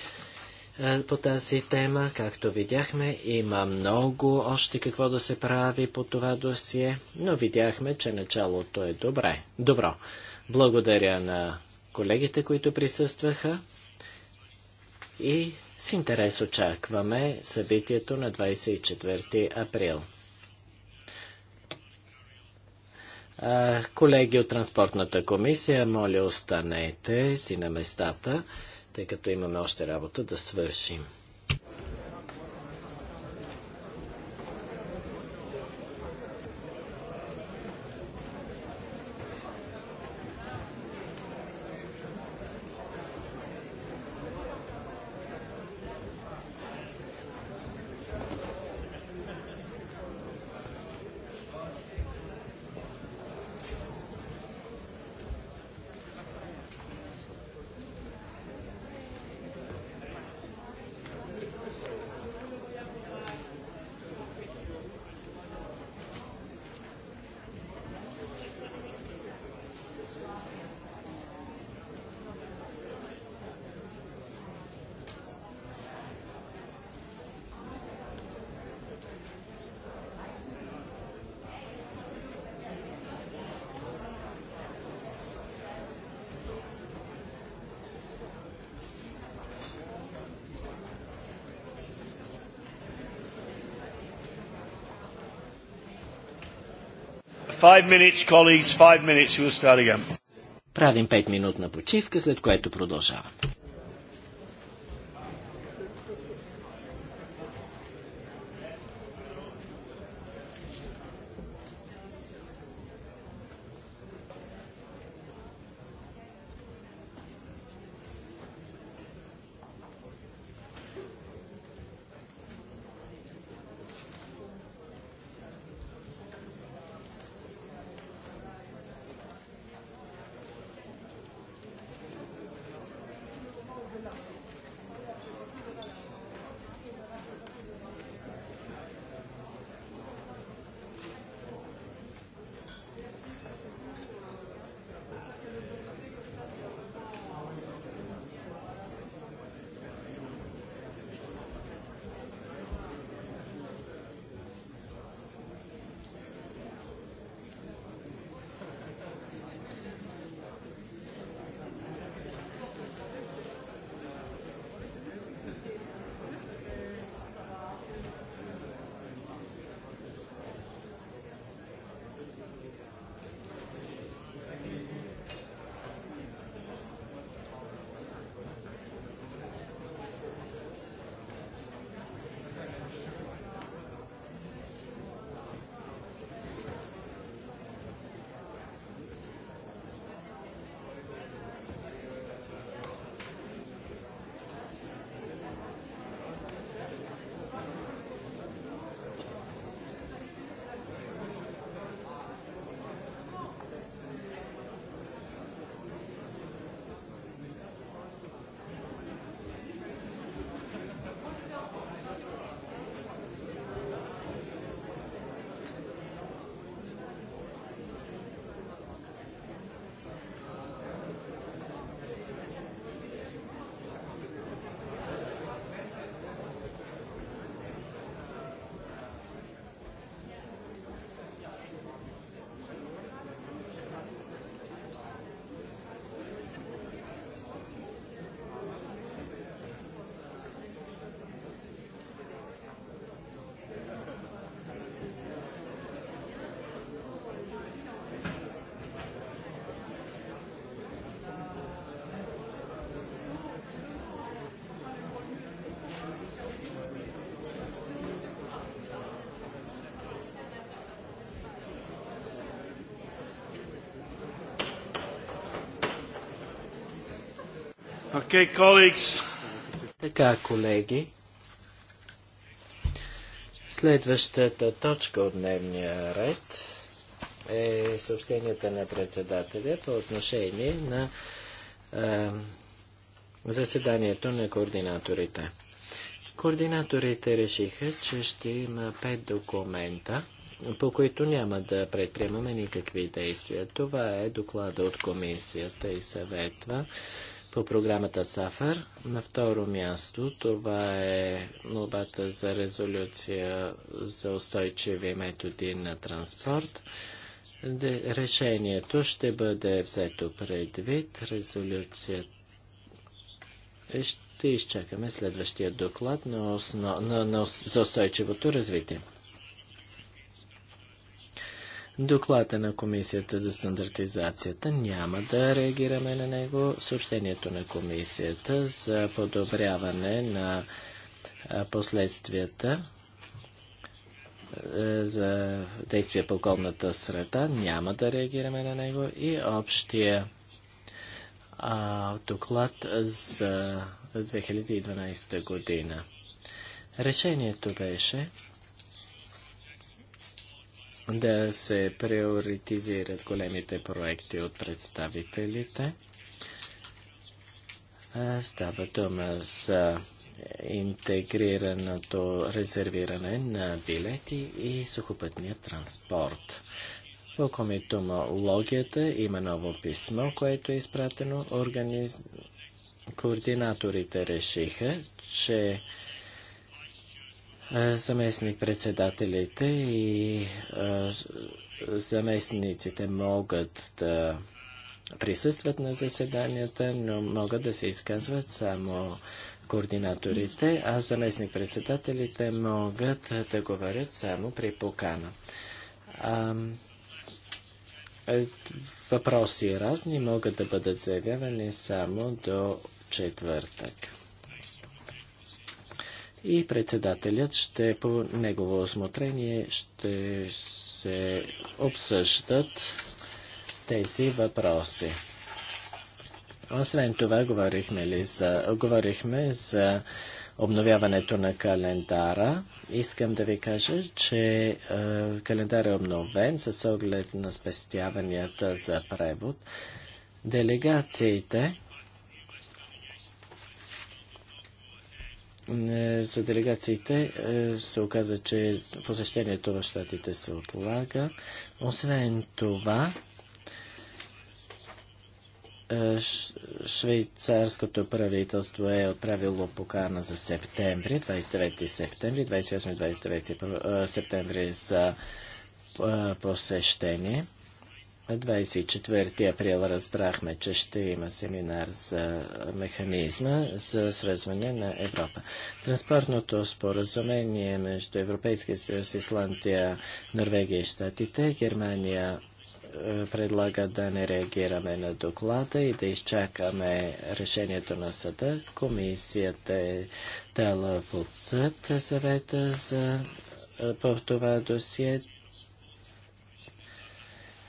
е, по тази тема. Както видяхме, има много още какво да се прави по това досие, но видяхме, че началото е добре. Добро. Благодаря на колегите, които присъстваха и с интерес очакваме събитието на 24 април. Колеги от Транспортната комисия, моля останете си на местата, тъй като имаме още работа да свършим. Five minutes, colleagues, five minutes, we'll start again. Правим 5 минутна почивка, след което продължаваме. Okay, colleagues. Така, колеги. Следващата точка от дневния ред е съобщенията на председателя по отношение на е, заседанието на координаторите. Координаторите решиха, че ще има пет документа, по които няма да предприемаме никакви действия. Това е доклада от комисията и съветва по програмата САФАР. На второ място това е молбата за резолюция за устойчиви методи на транспорт. решението ще бъде взето предвид. Резолюцията ще изчакаме следващия доклад на, основ... на, на, на, за устойчивото развитие доклада е на Комисията за стандартизацията. Няма да реагираме на него. Съобщението на Комисията за подобряване на последствията за действия по околната среда. Няма да реагираме на него. И общия доклад за 2012 година. Решението беше да се приоритизират големите проекти от представителите. Става дума за интегрираното резервиране на билети и сухопътния транспорт. По комитомологията има ново писмо, което е изпратено. Организ... Координаторите решиха, че е, заместник-председателите и е, заместниците могат да присъстват на заседанията, но могат да се изказват само координаторите, а заместник-председателите могат да говорят само при покана. Е, въпроси разни могат да бъдат заявявани само до четвъртък и председателят ще по негово осмотрение ще се обсъждат тези въпроси. Освен това, говорихме, ли за, говорихме за обновяването на календара. Искам да ви кажа, че е, календар е обновен с оглед на спестяванията за превод. Делегациите Е, за делегациите е, се оказа, че посещението в щатите се отлага. Освен това, е, швейцарското правителство е отправило покана за септември, 29 септември, 28-29 септември за посещение. 24 април разбрахме, че ще има семинар за механизма за свързване на Европа. Транспортното споразумение между Европейския съюз, Исландия, Норвегия и Штатите, Германия е, предлага да не реагираме на доклада и да изчакаме решението на съда. Комисията е дала под съд съвета за е, по това досие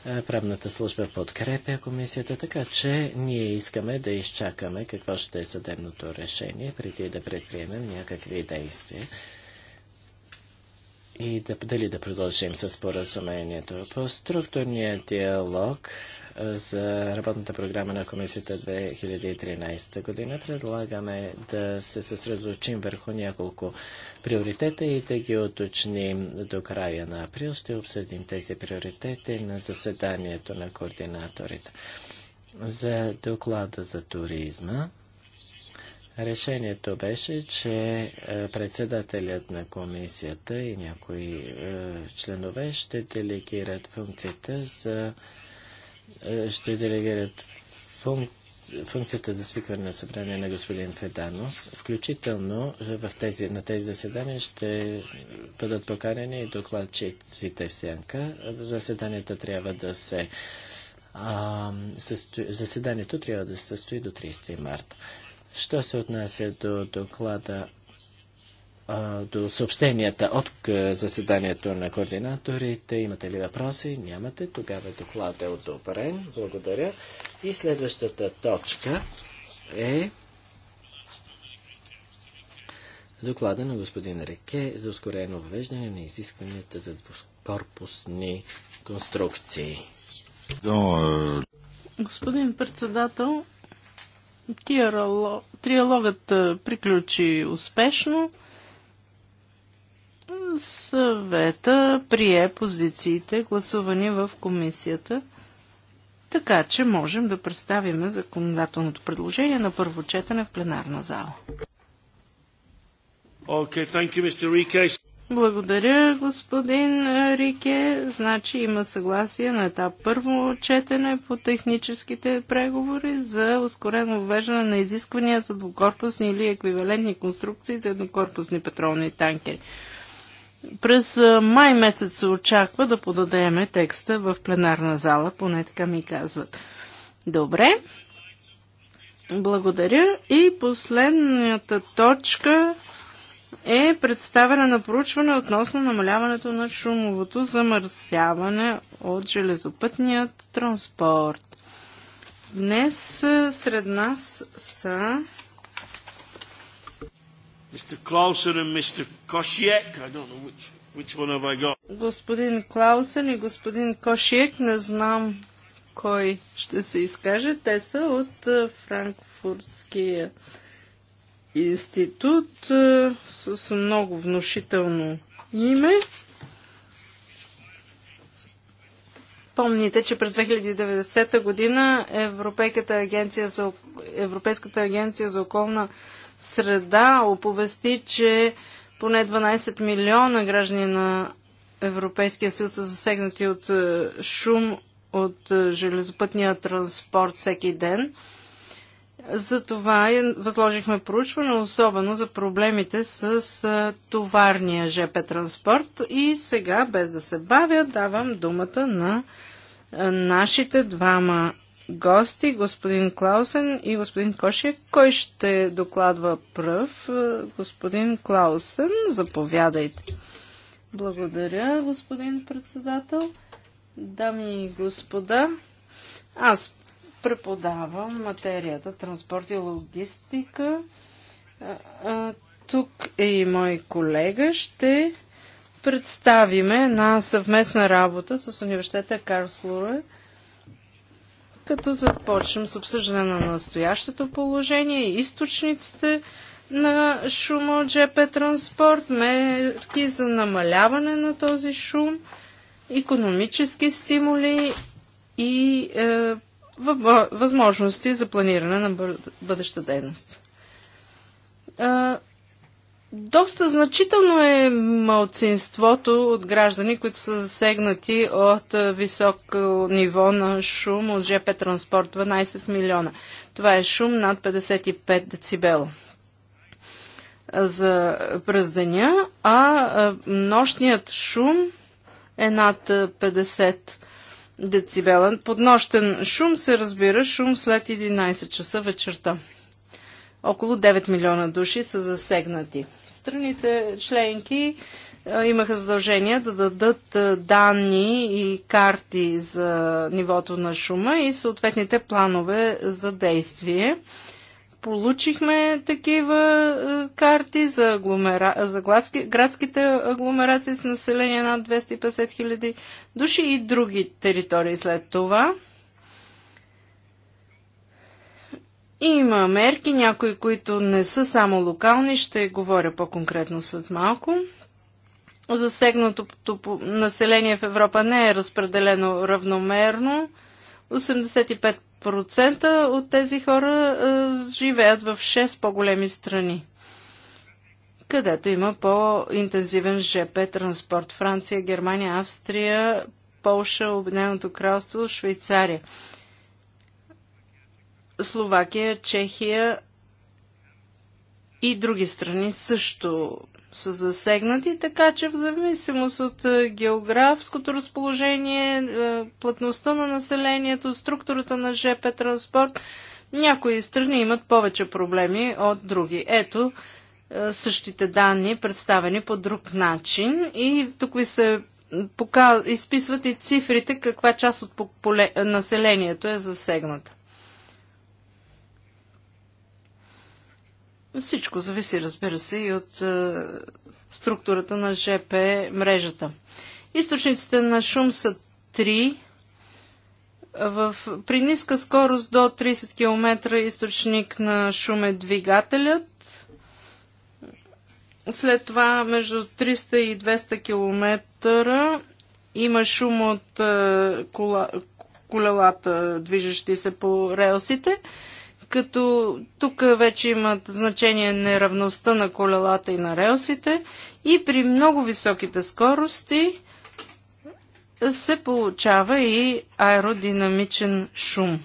е, правната служба подкрепя комисията, така че ние искаме да изчакаме какво ще е съдебното решение, преди да предприемем някакви действия и да, дали да продължим с споразумението. По структурния диалог за работната програма на комисията 2013 година предлагаме да се съсредоточим върху няколко приоритета и да ги уточним до края на април. Ще обсъдим тези приоритети на заседанието на координаторите. За доклада за туризма. Решението беше, че е, председателят на комисията и някои е, членове ще делегират функцията за е, ще делегират функцията за свикване на събрание на господин Феданос. Включително е, в тези, на тези заседания ще бъдат поканени и докладчиците в сянка. Заседанията трябва да се а, състои, заседанието трябва да се състои до 30 марта. Що се отнася до доклада до съобщенията от заседанието на координаторите. Имате ли въпроси? Нямате. Тогава доклад е одобрен. Благодаря. И следващата точка е доклада на господин Реке за ускорено въвеждане на изискванията за двукорпусни конструкции. Е, господин председател, триалогът е, приключи успешно съвета прие позициите, гласувани в комисията, така че можем да представим законодателното предложение на първо четене в пленарна зала. Okay, thank you, Mr. Rike. Благодаря, господин Рике. Значи има съгласие на етап първо четене по техническите преговори за ускорено ввеждане на изисквания за двукорпусни или еквивалентни конструкции за еднокорпусни петролни танкери. През май месец се очаква да подадеме текста в пленарна зала, поне така ми казват. Добре. Благодаря. И последната точка е представена на проучване относно намаляването на шумовото замърсяване от железопътният транспорт. Днес сред нас са Mr. Clausen and Mr. Koshiek. I don't know which, which one have I got. Господин Клаусен и господин Кошиек, не знам кой ще се изкаже. Те са от е, Франкфуртския институт е, с много внушително име. Помните, че през 2090 година Европейската агенция за, Европейската агенция за околна среда оповести, че поне 12 милиона граждани на Европейския съюз са засегнати от е, шум от е, железопътния транспорт всеки ден. Затова възложихме проучване, особено за проблемите с е, товарния ЖП транспорт. И сега, без да се бавя, давам думата на нашите двама гости, господин Клаусен и господин Кошия, Кой ще докладва пръв? Господин Клаусен, заповядайте. Благодаря, господин председател. Дами и господа, аз преподавам материята транспорт и логистика. Тук е и мой колега. Ще представиме на съвместна работа с университета Карлслуе като започнем с обсъждане на настоящото положение, и източниците на шума от ЖП транспорт, мерки за намаляване на този шум, економически стимули и е, възможности за планиране на бъдеща дейност. Е, доста значително е малцинството от граждани, които са засегнати от високо ниво на шум от ЖП транспорт 12 милиона. Това е шум над 55 децибела за пръздания, а нощният шум е над 50 децибела. Под нощен шум се разбира шум след 11 часа вечерта. Около 9 милиона души са засегнати страните членки имаха задължение да дадат данни и карти за нивото на шума и съответните планове за действие. Получихме такива карти за, агломера... за гладски... градските агломерации с население над 250 000 души и други територии след това. Има мерки, някои, които не са само локални, ще говоря по-конкретно след малко. Засегнатото население в Европа не е разпределено равномерно. 85% от тези хора е, живеят в 6 по-големи страни, където има по-интензивен ЖП транспорт. Франция, Германия, Австрия, Полша, Обединеното кралство, Швейцария – Словакия, Чехия и други страни също са засегнати, така че в зависимост от е, географското разположение, е, плътността на населението, структурата на ЖП транспорт, някои страни имат повече проблеми от други. Ето е, същите данни, представени по друг начин и тук ви се изписват и цифрите каква част от населението е засегната. Всичко зависи, разбира се, и от е, структурата на ЖП мрежата. Източниците на шум са три. В, при ниска скорост до 30 км източник на шум е двигателят. След това между 300 и 200 км има шум от е, кола, колелата, движещи се по релсите като тук вече имат значение неравността на колелата и на релсите и при много високите скорости се получава и аеродинамичен шум.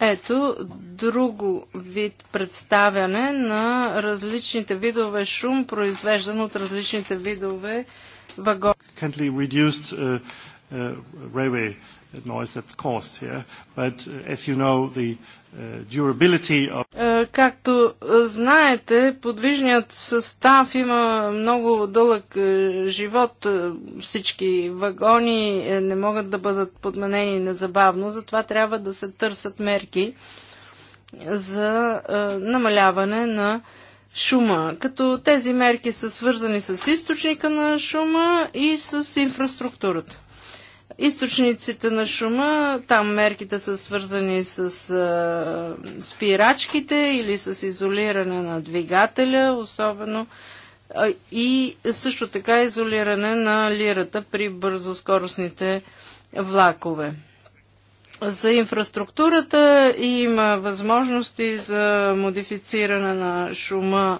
Ето друго вид представяне на различните видове шум, произвеждан от различните видове вагони noise that's caused here. But uh, as you know, the uh, durability of... Е, както знаете, подвижният състав има много дълъг е, живот. Е, всички вагони не могат да бъдат подменени незабавно, затова трябва да се търсят мерки за намаляване на шума, като тези мерки са свързани с източника на шума и с инфраструктурата. Източниците на шума, там мерките са свързани с а, спирачките или с изолиране на двигателя, особено а, и също така изолиране на лирата при бързоскоростните влакове. За инфраструктурата има възможности за модифициране на шума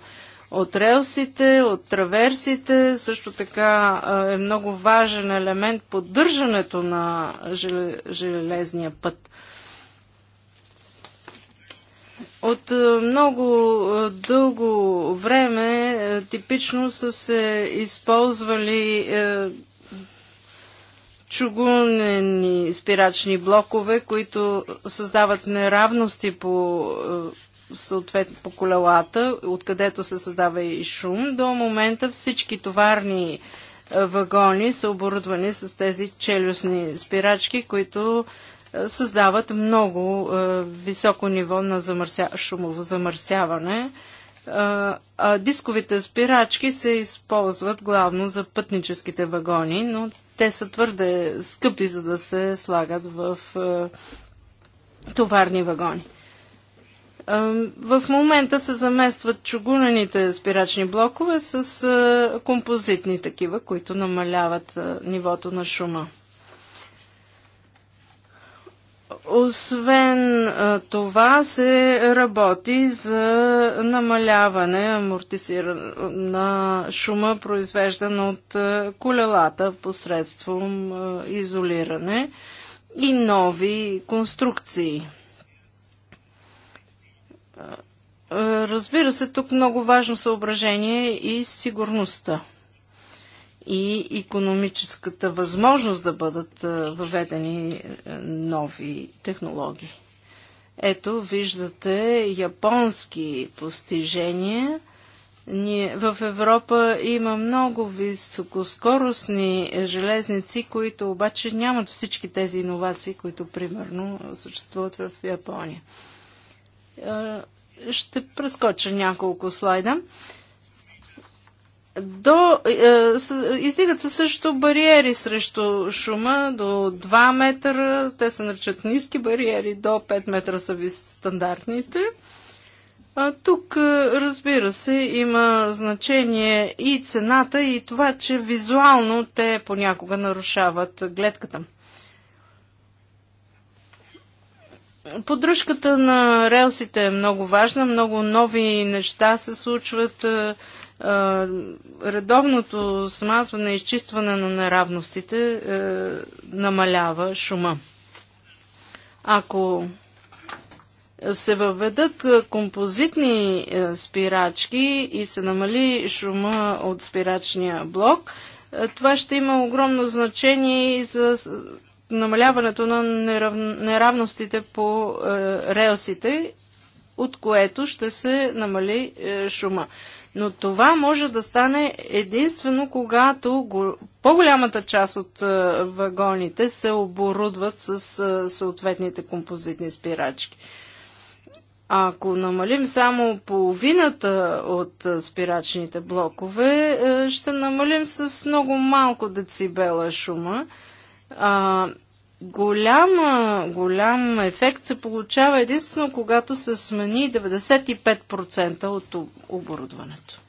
от релсите, от траверсите. Също така е много важен елемент поддържането на железния път. От много дълго време типично са се използвали чугунени спирачни блокове, които създават неравности по съответно по колелата, откъдето се създава и шум. До момента всички товарни е, вагони са оборудвани с тези челюстни спирачки, които е, създават много е, високо ниво на замърся... шумово замърсяване. А, дисковите спирачки се използват главно за пътническите вагони, но те са твърде скъпи, за да се слагат в товарни вагони. В момента се заместват чугунените спирачни блокове с композитни такива, които намаляват нивото на шума. Освен това се работи за намаляване амортизиране на шума, произвеждан от колелата посредством изолиране и нови конструкции. Разбира се, тук много важно съображение е и сигурността и економическата възможност да бъдат въведени нови технологии. Ето, виждате японски постижения. Ние, в Европа има много високоскоростни железници, които обаче нямат всички тези иновации, които примерно съществуват в Япония. Е, ще прескоча няколко слайда. До, е, издигат се също бариери срещу шума до 2 метра, Те се наричат ниски бариери, до 5 метра са ви стандартните. А, тук, е, разбира се, има значение и цената, и това, че визуално те понякога нарушават гледката. Поддръжката на релсите е много важна, много нови неща се случват. Е, е, редовното смазване и изчистване на неравностите е, намалява шума. Ако се въведат композитни спирачки и се намали шума от спирачния блок, това ще има огромно значение и за намаляването на нерав... неравностите по е, релсите, от което ще се намали е, шума. Но това може да стане единствено, когато го... по-голямата част от е, вагоните се оборудват с е, съответните композитни спирачки. Ако намалим само половината от е, спирачните блокове, е, ще намалим с много малко децибела шума. А, голям, голям ефект се получава единствено когато се смени 95% от оборудването.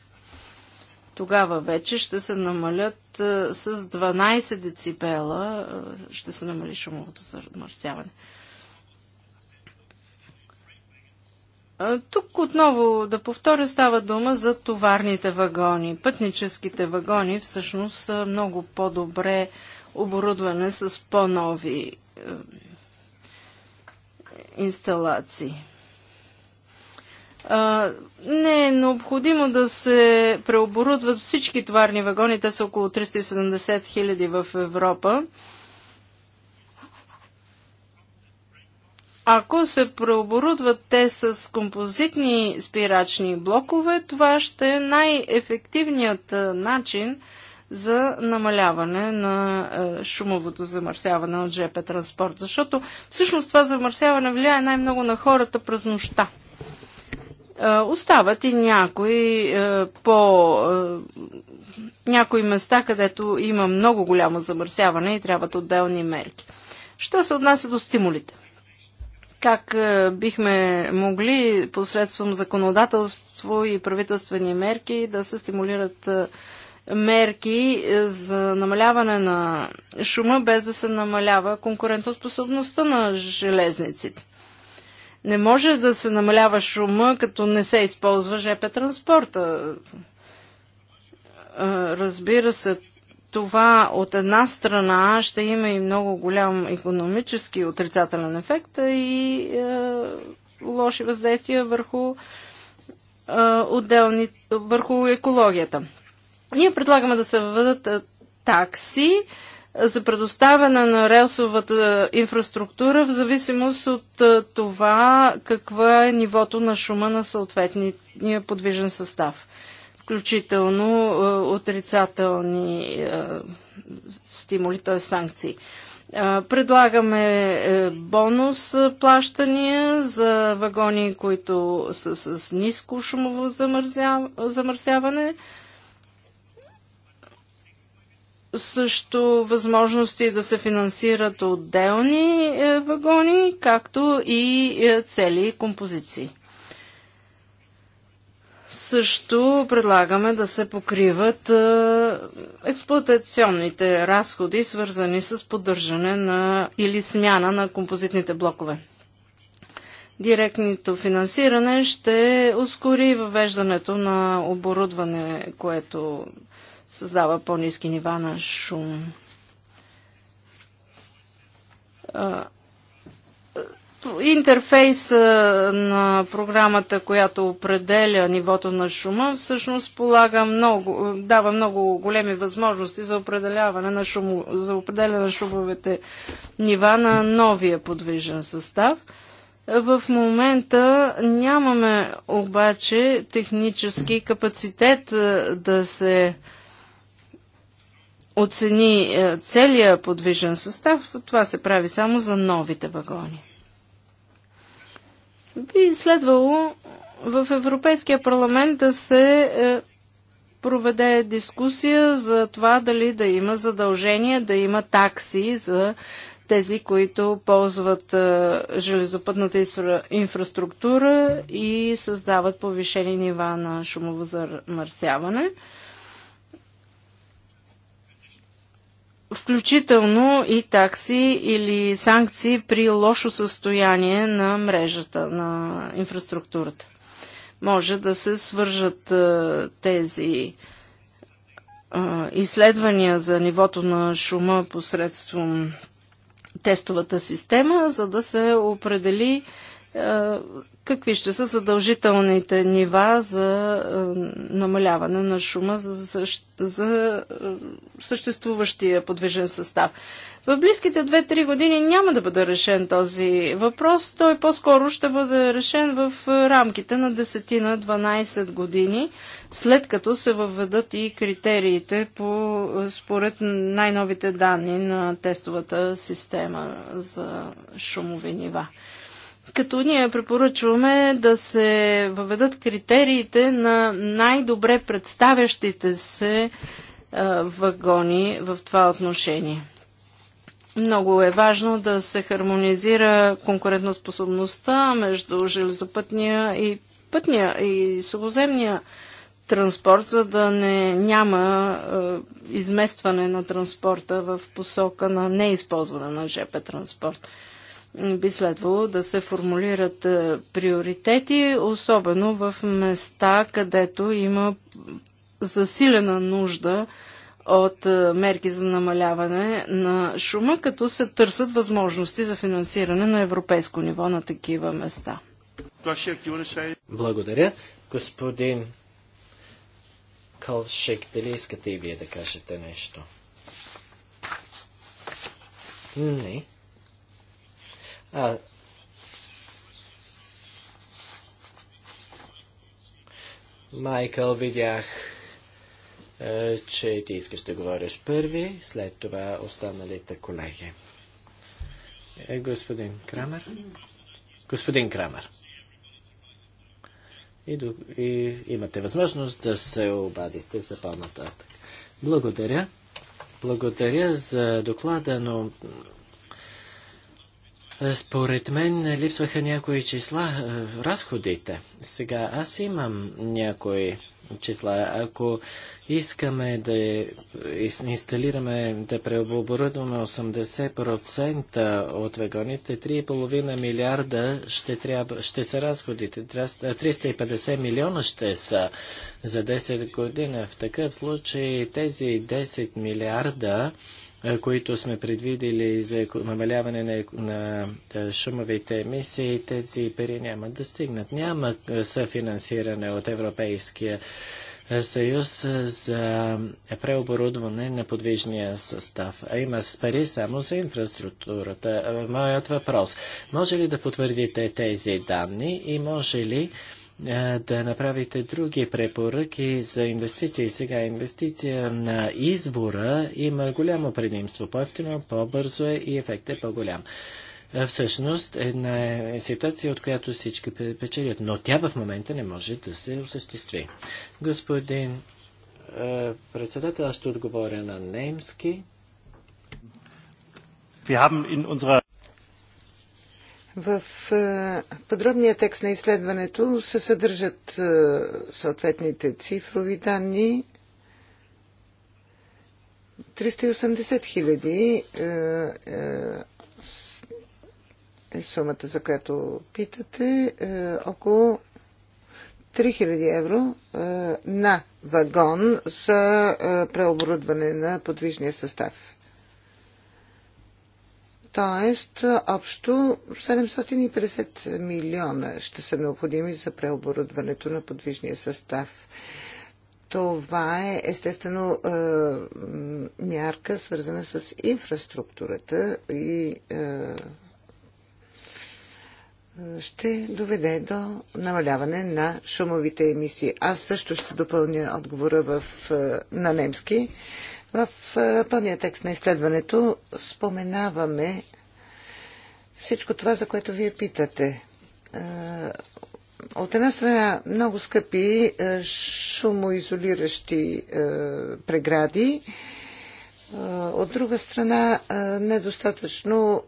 Тогава вече ще се намалят а, с 12 децибела, а, ще се намали шумовото замърсяване. Тук отново да повторя става дума за товарните вагони. Пътническите вагони всъщност са много по-добре оборудване с по-нови е, инсталации. не е необходимо да се преоборудват всички товарни вагони, те са около 370 хиляди в Европа. Ако се преоборудват те с композитни спирачни блокове, това ще е най-ефективният е, начин за намаляване на е, шумовото замърсяване от ЖП транспорт. Защото всъщност това замърсяване влияе най-много на хората през нощта. Е, остават и някои е, по някои места, където има много голямо замърсяване и трябват отделни мерки. Що се отнася до стимулите? Как бихме могли посредством законодателство и правителствени мерки да се стимулират мерки е, за намаляване на шума, без да се намалява конкурентоспособността на железниците. Не може да се намалява шума, като не се използва ЖП транспорта. Е, разбира се, това от една страна ще има и много голям економически отрицателен ефект и е, лоши въздействия върху, е, отделни, върху екологията. Ние предлагаме да се въведат е, такси е, за предоставяне на релсовата е, инфраструктура в зависимост от това какво е нивото на шума на съответния подвижен състав, включително отрицателни стимули, т.е. санкции. Предлагаме бонус плащания за вагони, които са с ниско шумово замърсяване, също възможности да се финансират отделни е, вагони, както и е, цели композиции. Също предлагаме да се покриват е, експлуатационните разходи, свързани с поддържане на или смяна на композитните блокове. Директното финансиране ще ускори въвеждането на оборудване, което създава по-низки нива на шум. Интерфейс на програмата, която определя нивото на шума, всъщност полага много, дава много големи възможности за определяване на, шум, за определяне на шумовете нива на новия подвижен състав. В момента нямаме обаче технически капацитет да се оцени е, целия подвижен състав, това се прави само за новите вагони. Би следвало в Европейския парламент да се е, проведе дискусия за това дали да има задължение, да има такси за тези, които ползват е, железопътната инфраструктура и създават повишени нива на шумово замърсяване. включително и такси или санкции при лошо състояние на мрежата, на инфраструктурата. Може да се свържат тези изследвания за нивото на шума посредством тестовата система, за да се определи Какви ще са задължителните нива за е, намаляване на шума за, за е, съществуващия подвижен състав? В близките 2-3 години няма да бъде решен този въпрос. Той по-скоро ще бъде решен в рамките на 10-12 години, след като се въведат и критериите по, е, според най-новите данни на тестовата система за шумови нива като ние препоръчваме да се въведат критериите на най-добре представящите се е, вагони в това отношение. Много е важно да се хармонизира конкурентоспособността между железопътния и пътния и сухоземния транспорт, за да не няма е, изместване на транспорта в посока на неизползване на ЖП транспорт би следвало да се формулират е, приоритети, особено в места, където има засилена нужда от е, мерки за намаляване на шума, като се търсят възможности за финансиране на европейско ниво на такива места. Благодаря. Господин Калшек, дали искате и вие да кажете нещо? Не. Майкъл, видях, че ти искаш да говориш първи, след това останалите колеги. Е, господин Крамер? Господин Крамер. И, до, и имате възможност да се обадите за по-нататък. Благодаря. Благодаря за доклада, но е, според мен е, липсваха някои числа, е, разходите. Сега аз имам някои числа. Ако искаме да инсталираме, да преоборудваме 80% от вагоните, 3,5 милиарда ще, трябва, ще са разходите. 350 милиона ще са за 10 години. В такъв случай тези 10 милиарда които сме предвидели за намаляване на, на, на шумовите емисии, тези пари няма да стигнат. Няма съфинансиране от Европейския съюз за преоборудване на подвижния състав. А има с пари само за инфраструктурата. Моят въпрос. Може ли да потвърдите тези данни и може ли да направите други препоръки за инвестиции. Сега инвестиция на избора има голямо предимство. По-ефтино, по-бързо е и ефектът е по-голям. Всъщност, една е ситуация, от която всички печелят, но тя в момента не може да се осъществи. Господин председател, аз ще отговоря на немски. Ви in unserer в е, подробния текст на изследването се съдържат е, съответните цифрови данни. 380 хиляди е, е сумата, за която питате. Около 3000 евро на вагон за преоборудване на подвижния състав. Тоест, общо 750 милиона ще са необходими за преоборудването на подвижния състав. Това е естествено е, мярка, свързана с инфраструктурата и е, ще доведе до намаляване на шумовите емисии. Аз също ще допълня отговора в, е, на немски. В е, пълния текст на изследването споменаваме всичко това, за което вие питате. Е, от една страна много скъпи е, шумоизолиращи прегради, от друга страна недостатъчно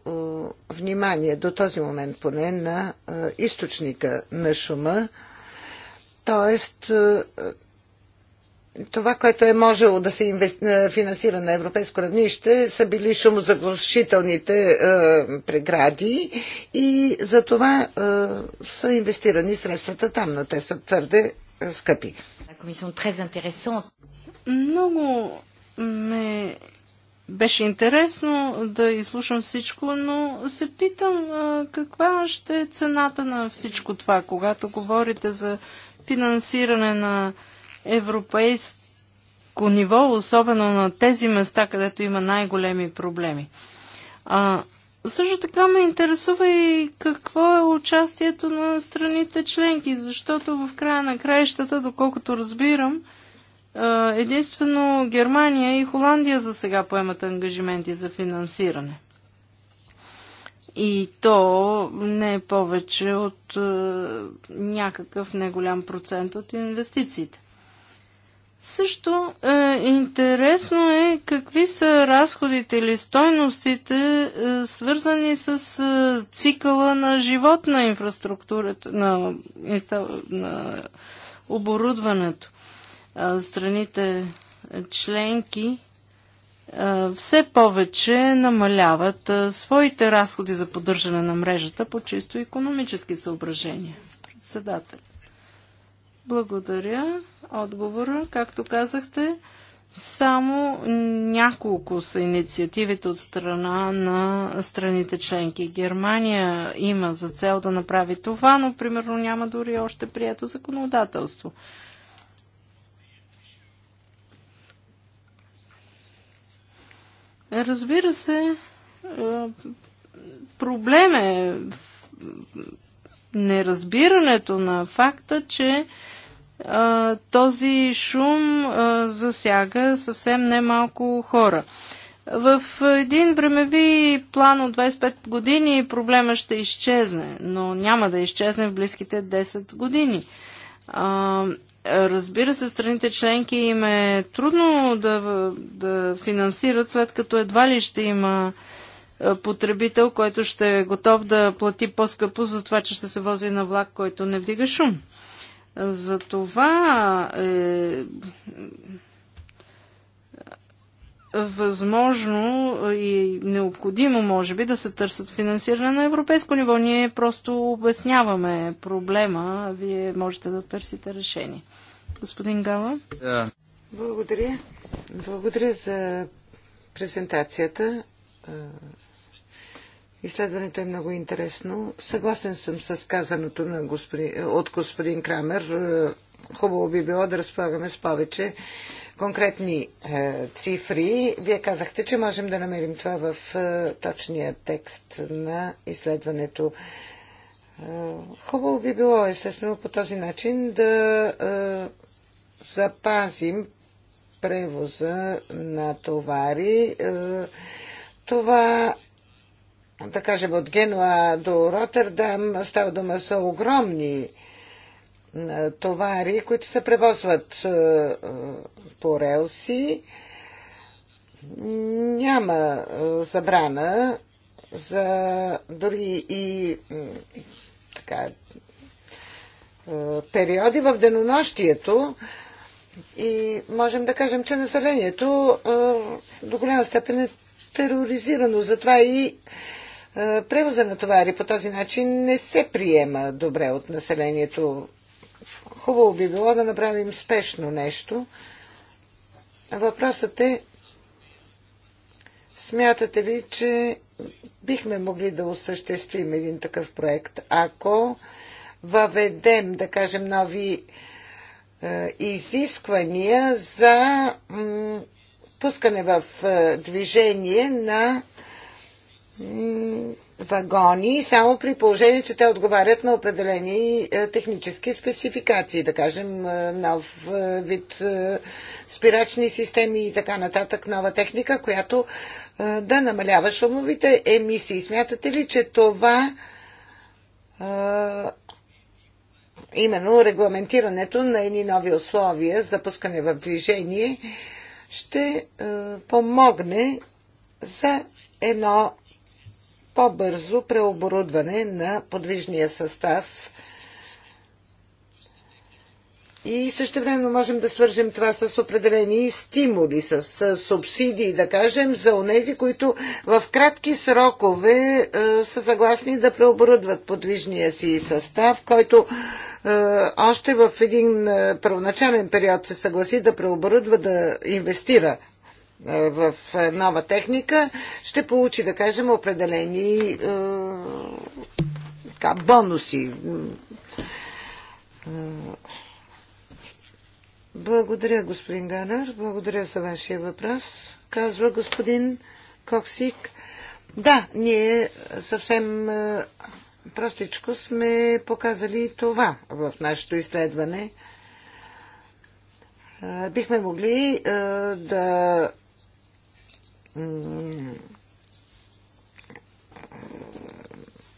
внимание до този момент поне на източника на шума, т.е това, което е можело да се е, финансира на европейско равнище, са били шумозаглушителните е, прегради и за това е, са инвестирани средствата там, но те са твърде е, скъпи. Много ме беше интересно да изслушам всичко, но се питам е, каква ще е цената на всичко това, когато говорите за финансиране на европейско ниво, особено на тези места, където има най-големи проблеми. А, също така ме интересува и какво е участието на страните членки, защото в края на краищата, доколкото разбирам, единствено Германия и Холандия за сега поемат ангажименти за финансиране. И то не е повече от някакъв неголям процент от инвестициите. Също е, интересно е какви са разходите или стойностите, е, свързани с е, цикъла на живот на инфраструктурата, на, инста, на оборудването. Е, страните членки е, все повече намаляват е, своите разходи за поддържане на мрежата по чисто економически съображения. Председател. Благодаря. Отговора, както казахте, само няколко са инициативите от страна на страните членки. Германия има за цел да направи това, но примерно няма дори още прието законодателство. Разбира се, е, проблем е неразбирането на факта, че а, този шум а, засяга съвсем немалко хора. В един времеви план от 25 години проблема ще изчезне, но няма да изчезне в близките 10 години. А, разбира се, страните членки им е трудно да, да финансират, след като едва ли ще има потребител, който ще е готов да плати по-скъпо за това, че ще се вози на влак, който не вдига шум. За това е възможно и необходимо, може би, да се търсят финансиране на европейско ниво. Ние просто обясняваме проблема, а вие можете да търсите решение. Господин Гала? Да. Благодаря. Благодаря за презентацията Изследването е много интересно. Съгласен съм с казаното на господин, от господин Крамер. Е, хубаво би било да разполагаме с повече конкретни е, цифри. Вие казахте, че можем да намерим това в е, точния текст на изследването. Е, хубаво би било, естествено, по този начин да е, запазим превоза на товари. Е, това да кажем, от Генуа до Роттердам става дума са огромни товари, които се превозват по релси. Няма забрана за дори и така, периоди в денонощието и можем да кажем, че населението до голяма степен е тероризирано. Затова и е, превоза на товари по този начин не се приема добре от населението. Хубаво би било да направим спешно нещо. Въпросът е, смятате ли, че бихме могли да осъществим един такъв проект, ако въведем, да кажем, нови е, изисквания за пускане в е, движение на вагони, само при положение, че те отговарят на определени е, технически спецификации, да кажем е, нов е, вид спирачни системи и така нататък, нова техника, която да намалява шумовите емисии. Смятате ли, че това именно регламентирането на едни нови условия за пускане в движение ще помогне за едно по-бързо преоборудване на подвижния състав и също време можем да свържем това с определени стимули, с, с субсидии, да кажем, за онези, които в кратки срокове е, са съгласни да преоборудват подвижния си състав, който е, още в един е, първоначален период се съгласи да преоборудва, да инвестира е, в е, нова техника, ще получи, да кажем, определени е, така, бонуси. Е, благодаря, господин Ганар. Благодаря за вашия въпрос, казва господин Коксик. Да, ние съвсем простичко сме показали това в нашето изследване. Бихме могли да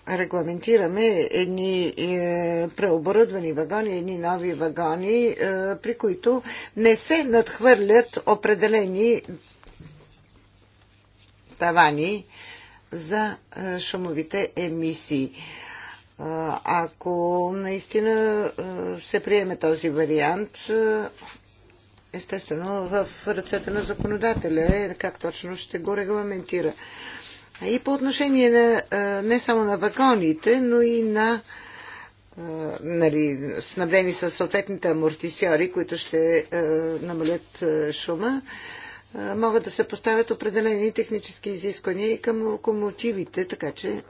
регламентираме едни е, преоборудвани вагони, едни нови вагони, е, при които не се надхвърлят определени тавани за е, шумовите емисии. Ако наистина се приеме този вариант, естествено в ръцете на законодателя е как точно ще го регламентира. И по отношение на, не само на вагоните, но и на нали, снабдени с съответните амортисьори, които ще намалят шума, могат да се поставят определени технически изисквания и към локомотивите, така че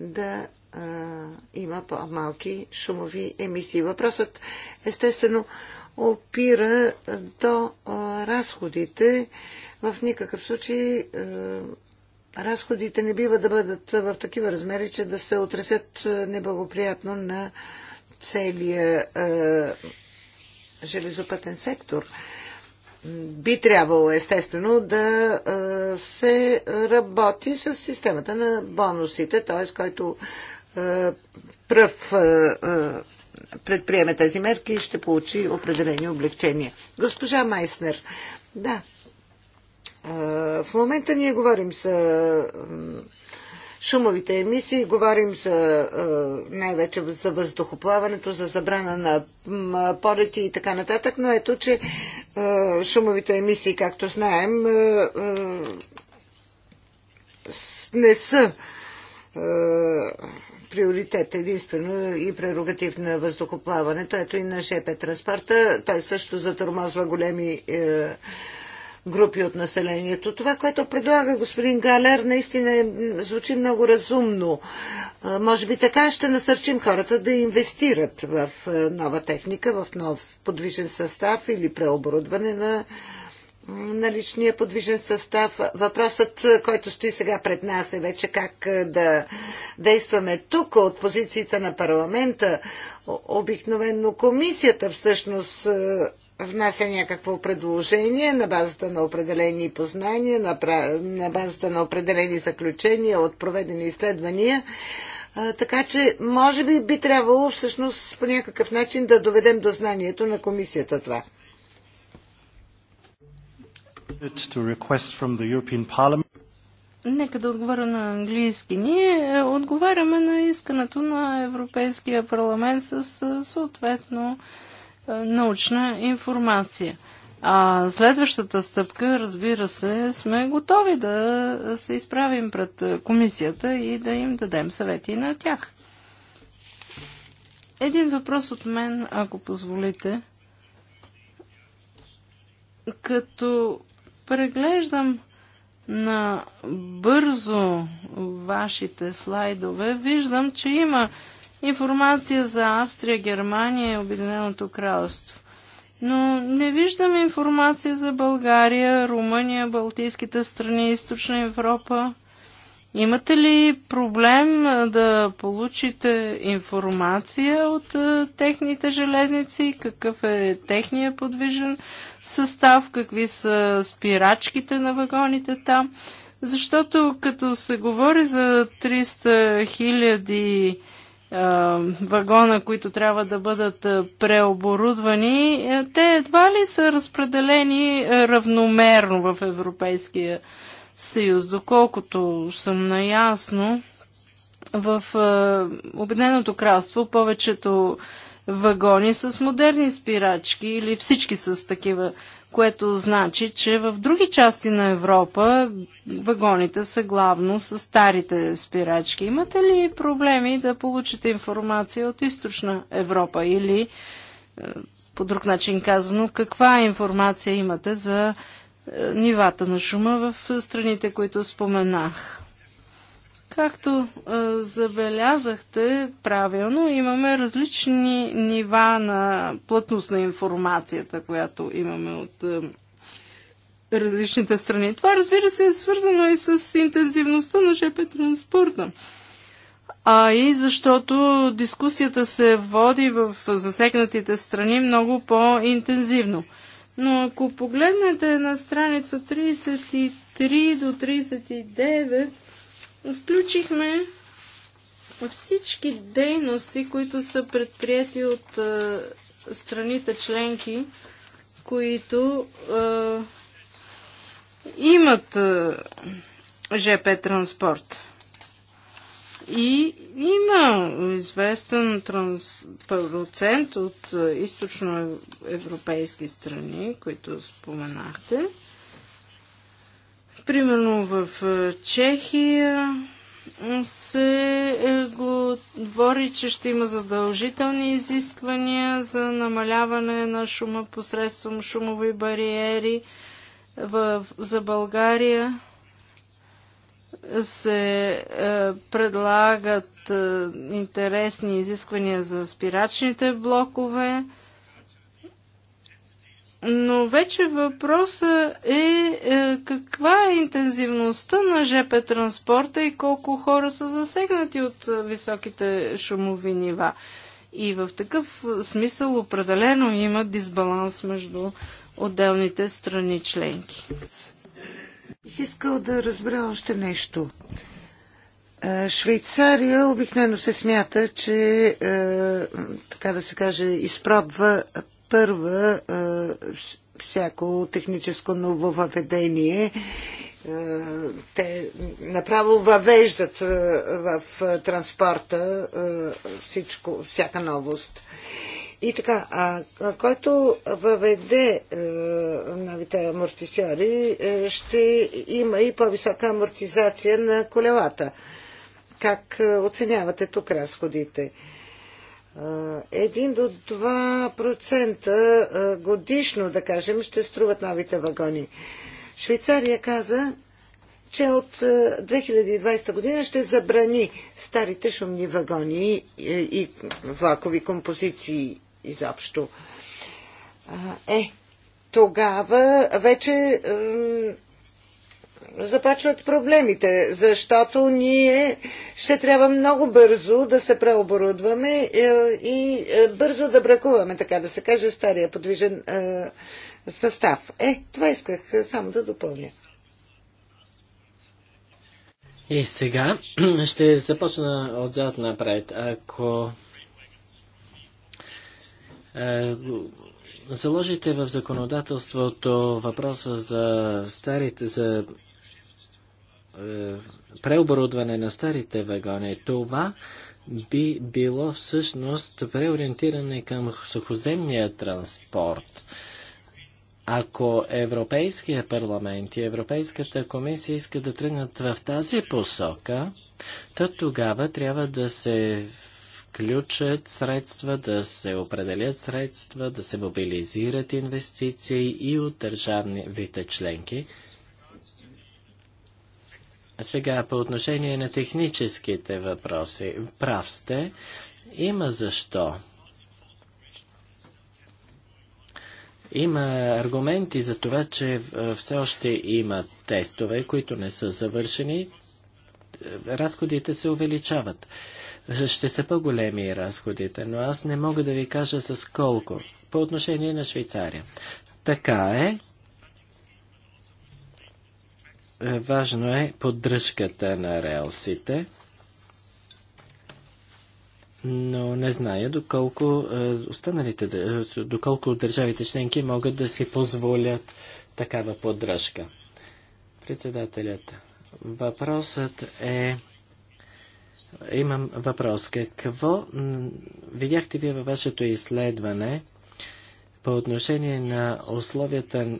да а, има по-малки шумови емисии. Въпросът, естествено, опира до разходите. В никакъв случай разходите не бива да бъдат в такива размери, че да се отресят неблагоприятно на целия железопътен сектор би трябвало естествено да се работи с системата на бонусите, т.е. който пръв предприеме тези мерки и ще получи определени облегчения. Госпожа Майснер, да. Е, в момента ние говорим за шумовите емисии, говорим за е, най-вече за въздухоплаването, за забрана на полети и така нататък, но ето, че е, шумовите емисии, както знаем, не са приоритет единствено и прерогатив на въздухоплаването, ето и на ЖП транспорта. Той също затормозва големи е, групи от населението. Това, което предлага господин Галер, наистина е, звучи много разумно. Е, може би така ще насърчим хората да инвестират в е, нова техника, в нов подвижен състав или преоборудване на на личния подвижен състав. Въпросът, който стои сега пред нас е вече как е, да действаме тук от позицията на парламента. Обикновенно комисията всъщност е, внася някакво предложение на базата на определени познания, на базата на определени заключения от проведени изследвания. Е, така че, може би би трябвало всъщност по някакъв начин да доведем до знанието на комисията това. Нека да отговоря на английски. Ние е, отговаряме на искането на Европейския парламент с е, съответно е, научна информация. А следващата стъпка, разбира се, сме готови да се изправим пред комисията и да им дадем съвети на тях. Един въпрос от мен, ако позволите. Като преглеждам на бързо вашите слайдове, виждам, че има информация за Австрия, Германия и Обединеното кралство. Но не виждам информация за България, Румъния, Балтийските страни, Източна Европа. Имате ли проблем да получите информация от техните железници, какъв е техния подвижен състав, какви са спирачките на вагоните там? Защото като се говори за 300 хиляди вагона, които трябва да бъдат преоборудвани, те едва ли са разпределени равномерно в Европейския съюз? съюз. Доколкото съм наясно, в е, Обединеното кралство повечето вагони с модерни спирачки или всички с такива, което значи, че в други части на Европа вагоните са главно с старите спирачки. Имате ли проблеми да получите информация от източна Европа или е, по друг начин казано, каква информация имате за е, нивата на шума в страните, които споменах. Както е, забелязахте правилно, имаме различни нива на плътност на информацията, която имаме от е, различните страни. Това, разбира се, е свързано и с интензивността на ЖП транспорта. А и защото дискусията се води в засегнатите страни много по-интензивно. Но ако погледнете на страница 33 до 39, включихме всички дейности, които са предприяти от е, страните членки, които е, имат е, ЖП транспорт. И има известен транс... процент от е, източноевропейски страни, които споменахте. Примерно в е, Чехия се е, говори, че ще има задължителни изисквания за намаляване на шума посредством шумови бариери в... за България се е, предлагат е, интересни изисквания за спирачните блокове, но вече въпросът е, е каква е интензивността на ЖП транспорта и колко хора са засегнати от е, високите шумови нива. И в такъв смисъл определено има дисбаланс между отделните страни членки. Бих искал да разбера още нещо. Е, Швейцария обикновено се смята, че, е, така да се каже, изпробва първа е, всяко техническо нововъведение. Те направо въвеждат в транспорта всичко, всяка новост. И така, а, който въведе е, новите амортисьори, е, ще има и по-висока амортизация на колелата. Как е, оценявате тук разходите? Е, един до 2% е, годишно, да кажем, ще струват новите вагони. Швейцария каза, че от 2020 е, година ще забрани старите шумни вагони и влакови композиции изобщо. Е, тогава вече започват проблемите, защото ние ще трябва много бързо да се преоборудваме е, и е, бързо да бракуваме, така да се каже, стария подвижен е, състав. Е, това исках само да допълня. И сега ще започна отзад напред. Ако е, заложите в законодателството въпроса за старите, за е, преоборудване на старите вагони, това би било всъщност преориентиране към сухоземния транспорт. Ако Европейския парламент и Европейската комисия искат да тръгнат в тази посока, то тогава трябва да се включат средства, да се определят средства, да се мобилизират инвестиции и от държавните членки. Сега по отношение на техническите въпроси. Прав сте. Има защо. Има аргументи за това, че е, все още има тестове, които не са завършени. Разходите се увеличават ще са по-големи разходите, но аз не мога да ви кажа с колко по отношение на Швейцария. Така е. е важно е поддръжката на релсите, но не зная доколко е, останалите, е, доколко държавите членки могат да си позволят такава поддръжка. Председателят, въпросът е Имам въпрос. Какво видяхте вие във вашето изследване по отношение на условията,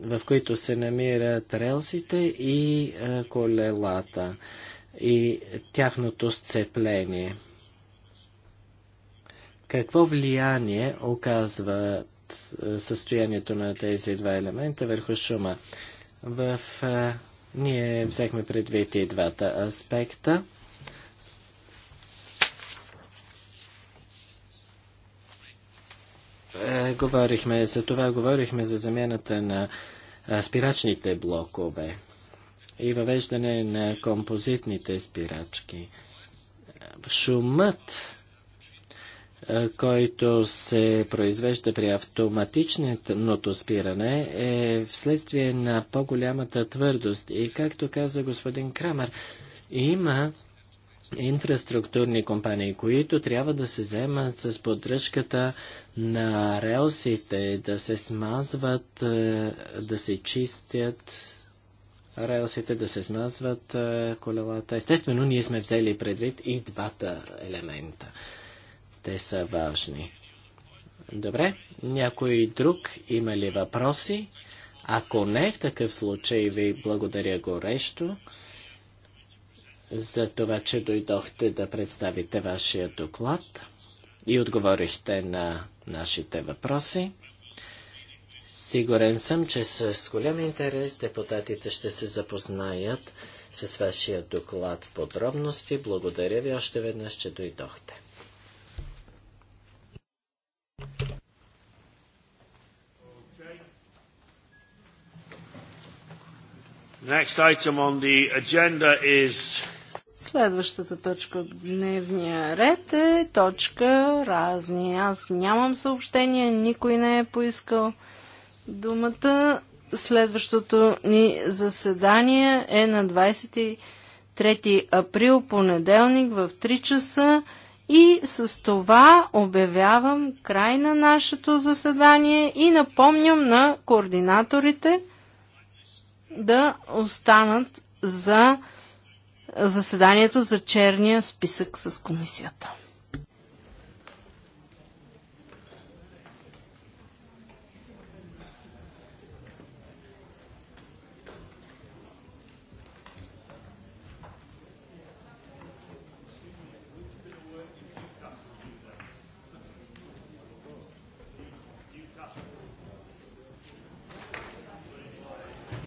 в които се намират релсите и е, колелата и тяхното сцепление? Какво влияние оказват е, състоянието на тези два елемента върху шума? В, е, ние взехме предвид и двата аспекта. Е, говорихме за това, говорихме за замяната на спирачните блокове и въвеждане на композитните спирачки. Шумът, е, който се произвежда при автоматичното спиране, е вследствие на по-голямата твърдост. И както каза господин Крамер, има инфраструктурни компании, които трябва да се заемат с поддръжката на релсите, да се смазват, е, да се чистят релсите, да се смазват е, колелата. Естествено, ние сме взели предвид и двата елемента. Те са важни. Добре, някой друг има ли въпроси? Ако не, в такъв случай ви благодаря горещо за това, че дойдохте да представите вашия доклад и отговорихте на нашите въпроси. Сигурен съм, че с голям интерес депутатите ще се запознаят с вашия доклад в подробности. Благодаря ви още веднъж, че дойдохте. Next item on the agenda is Следващата точка от дневния ред е точка разни. Аз нямам съобщение, никой не е поискал думата. Следващото ни заседание е на 23 април, понеделник в 3 часа. И с това обявявам край на нашето заседание и напомням на координаторите да останат за заседанието за черния списък с комисията.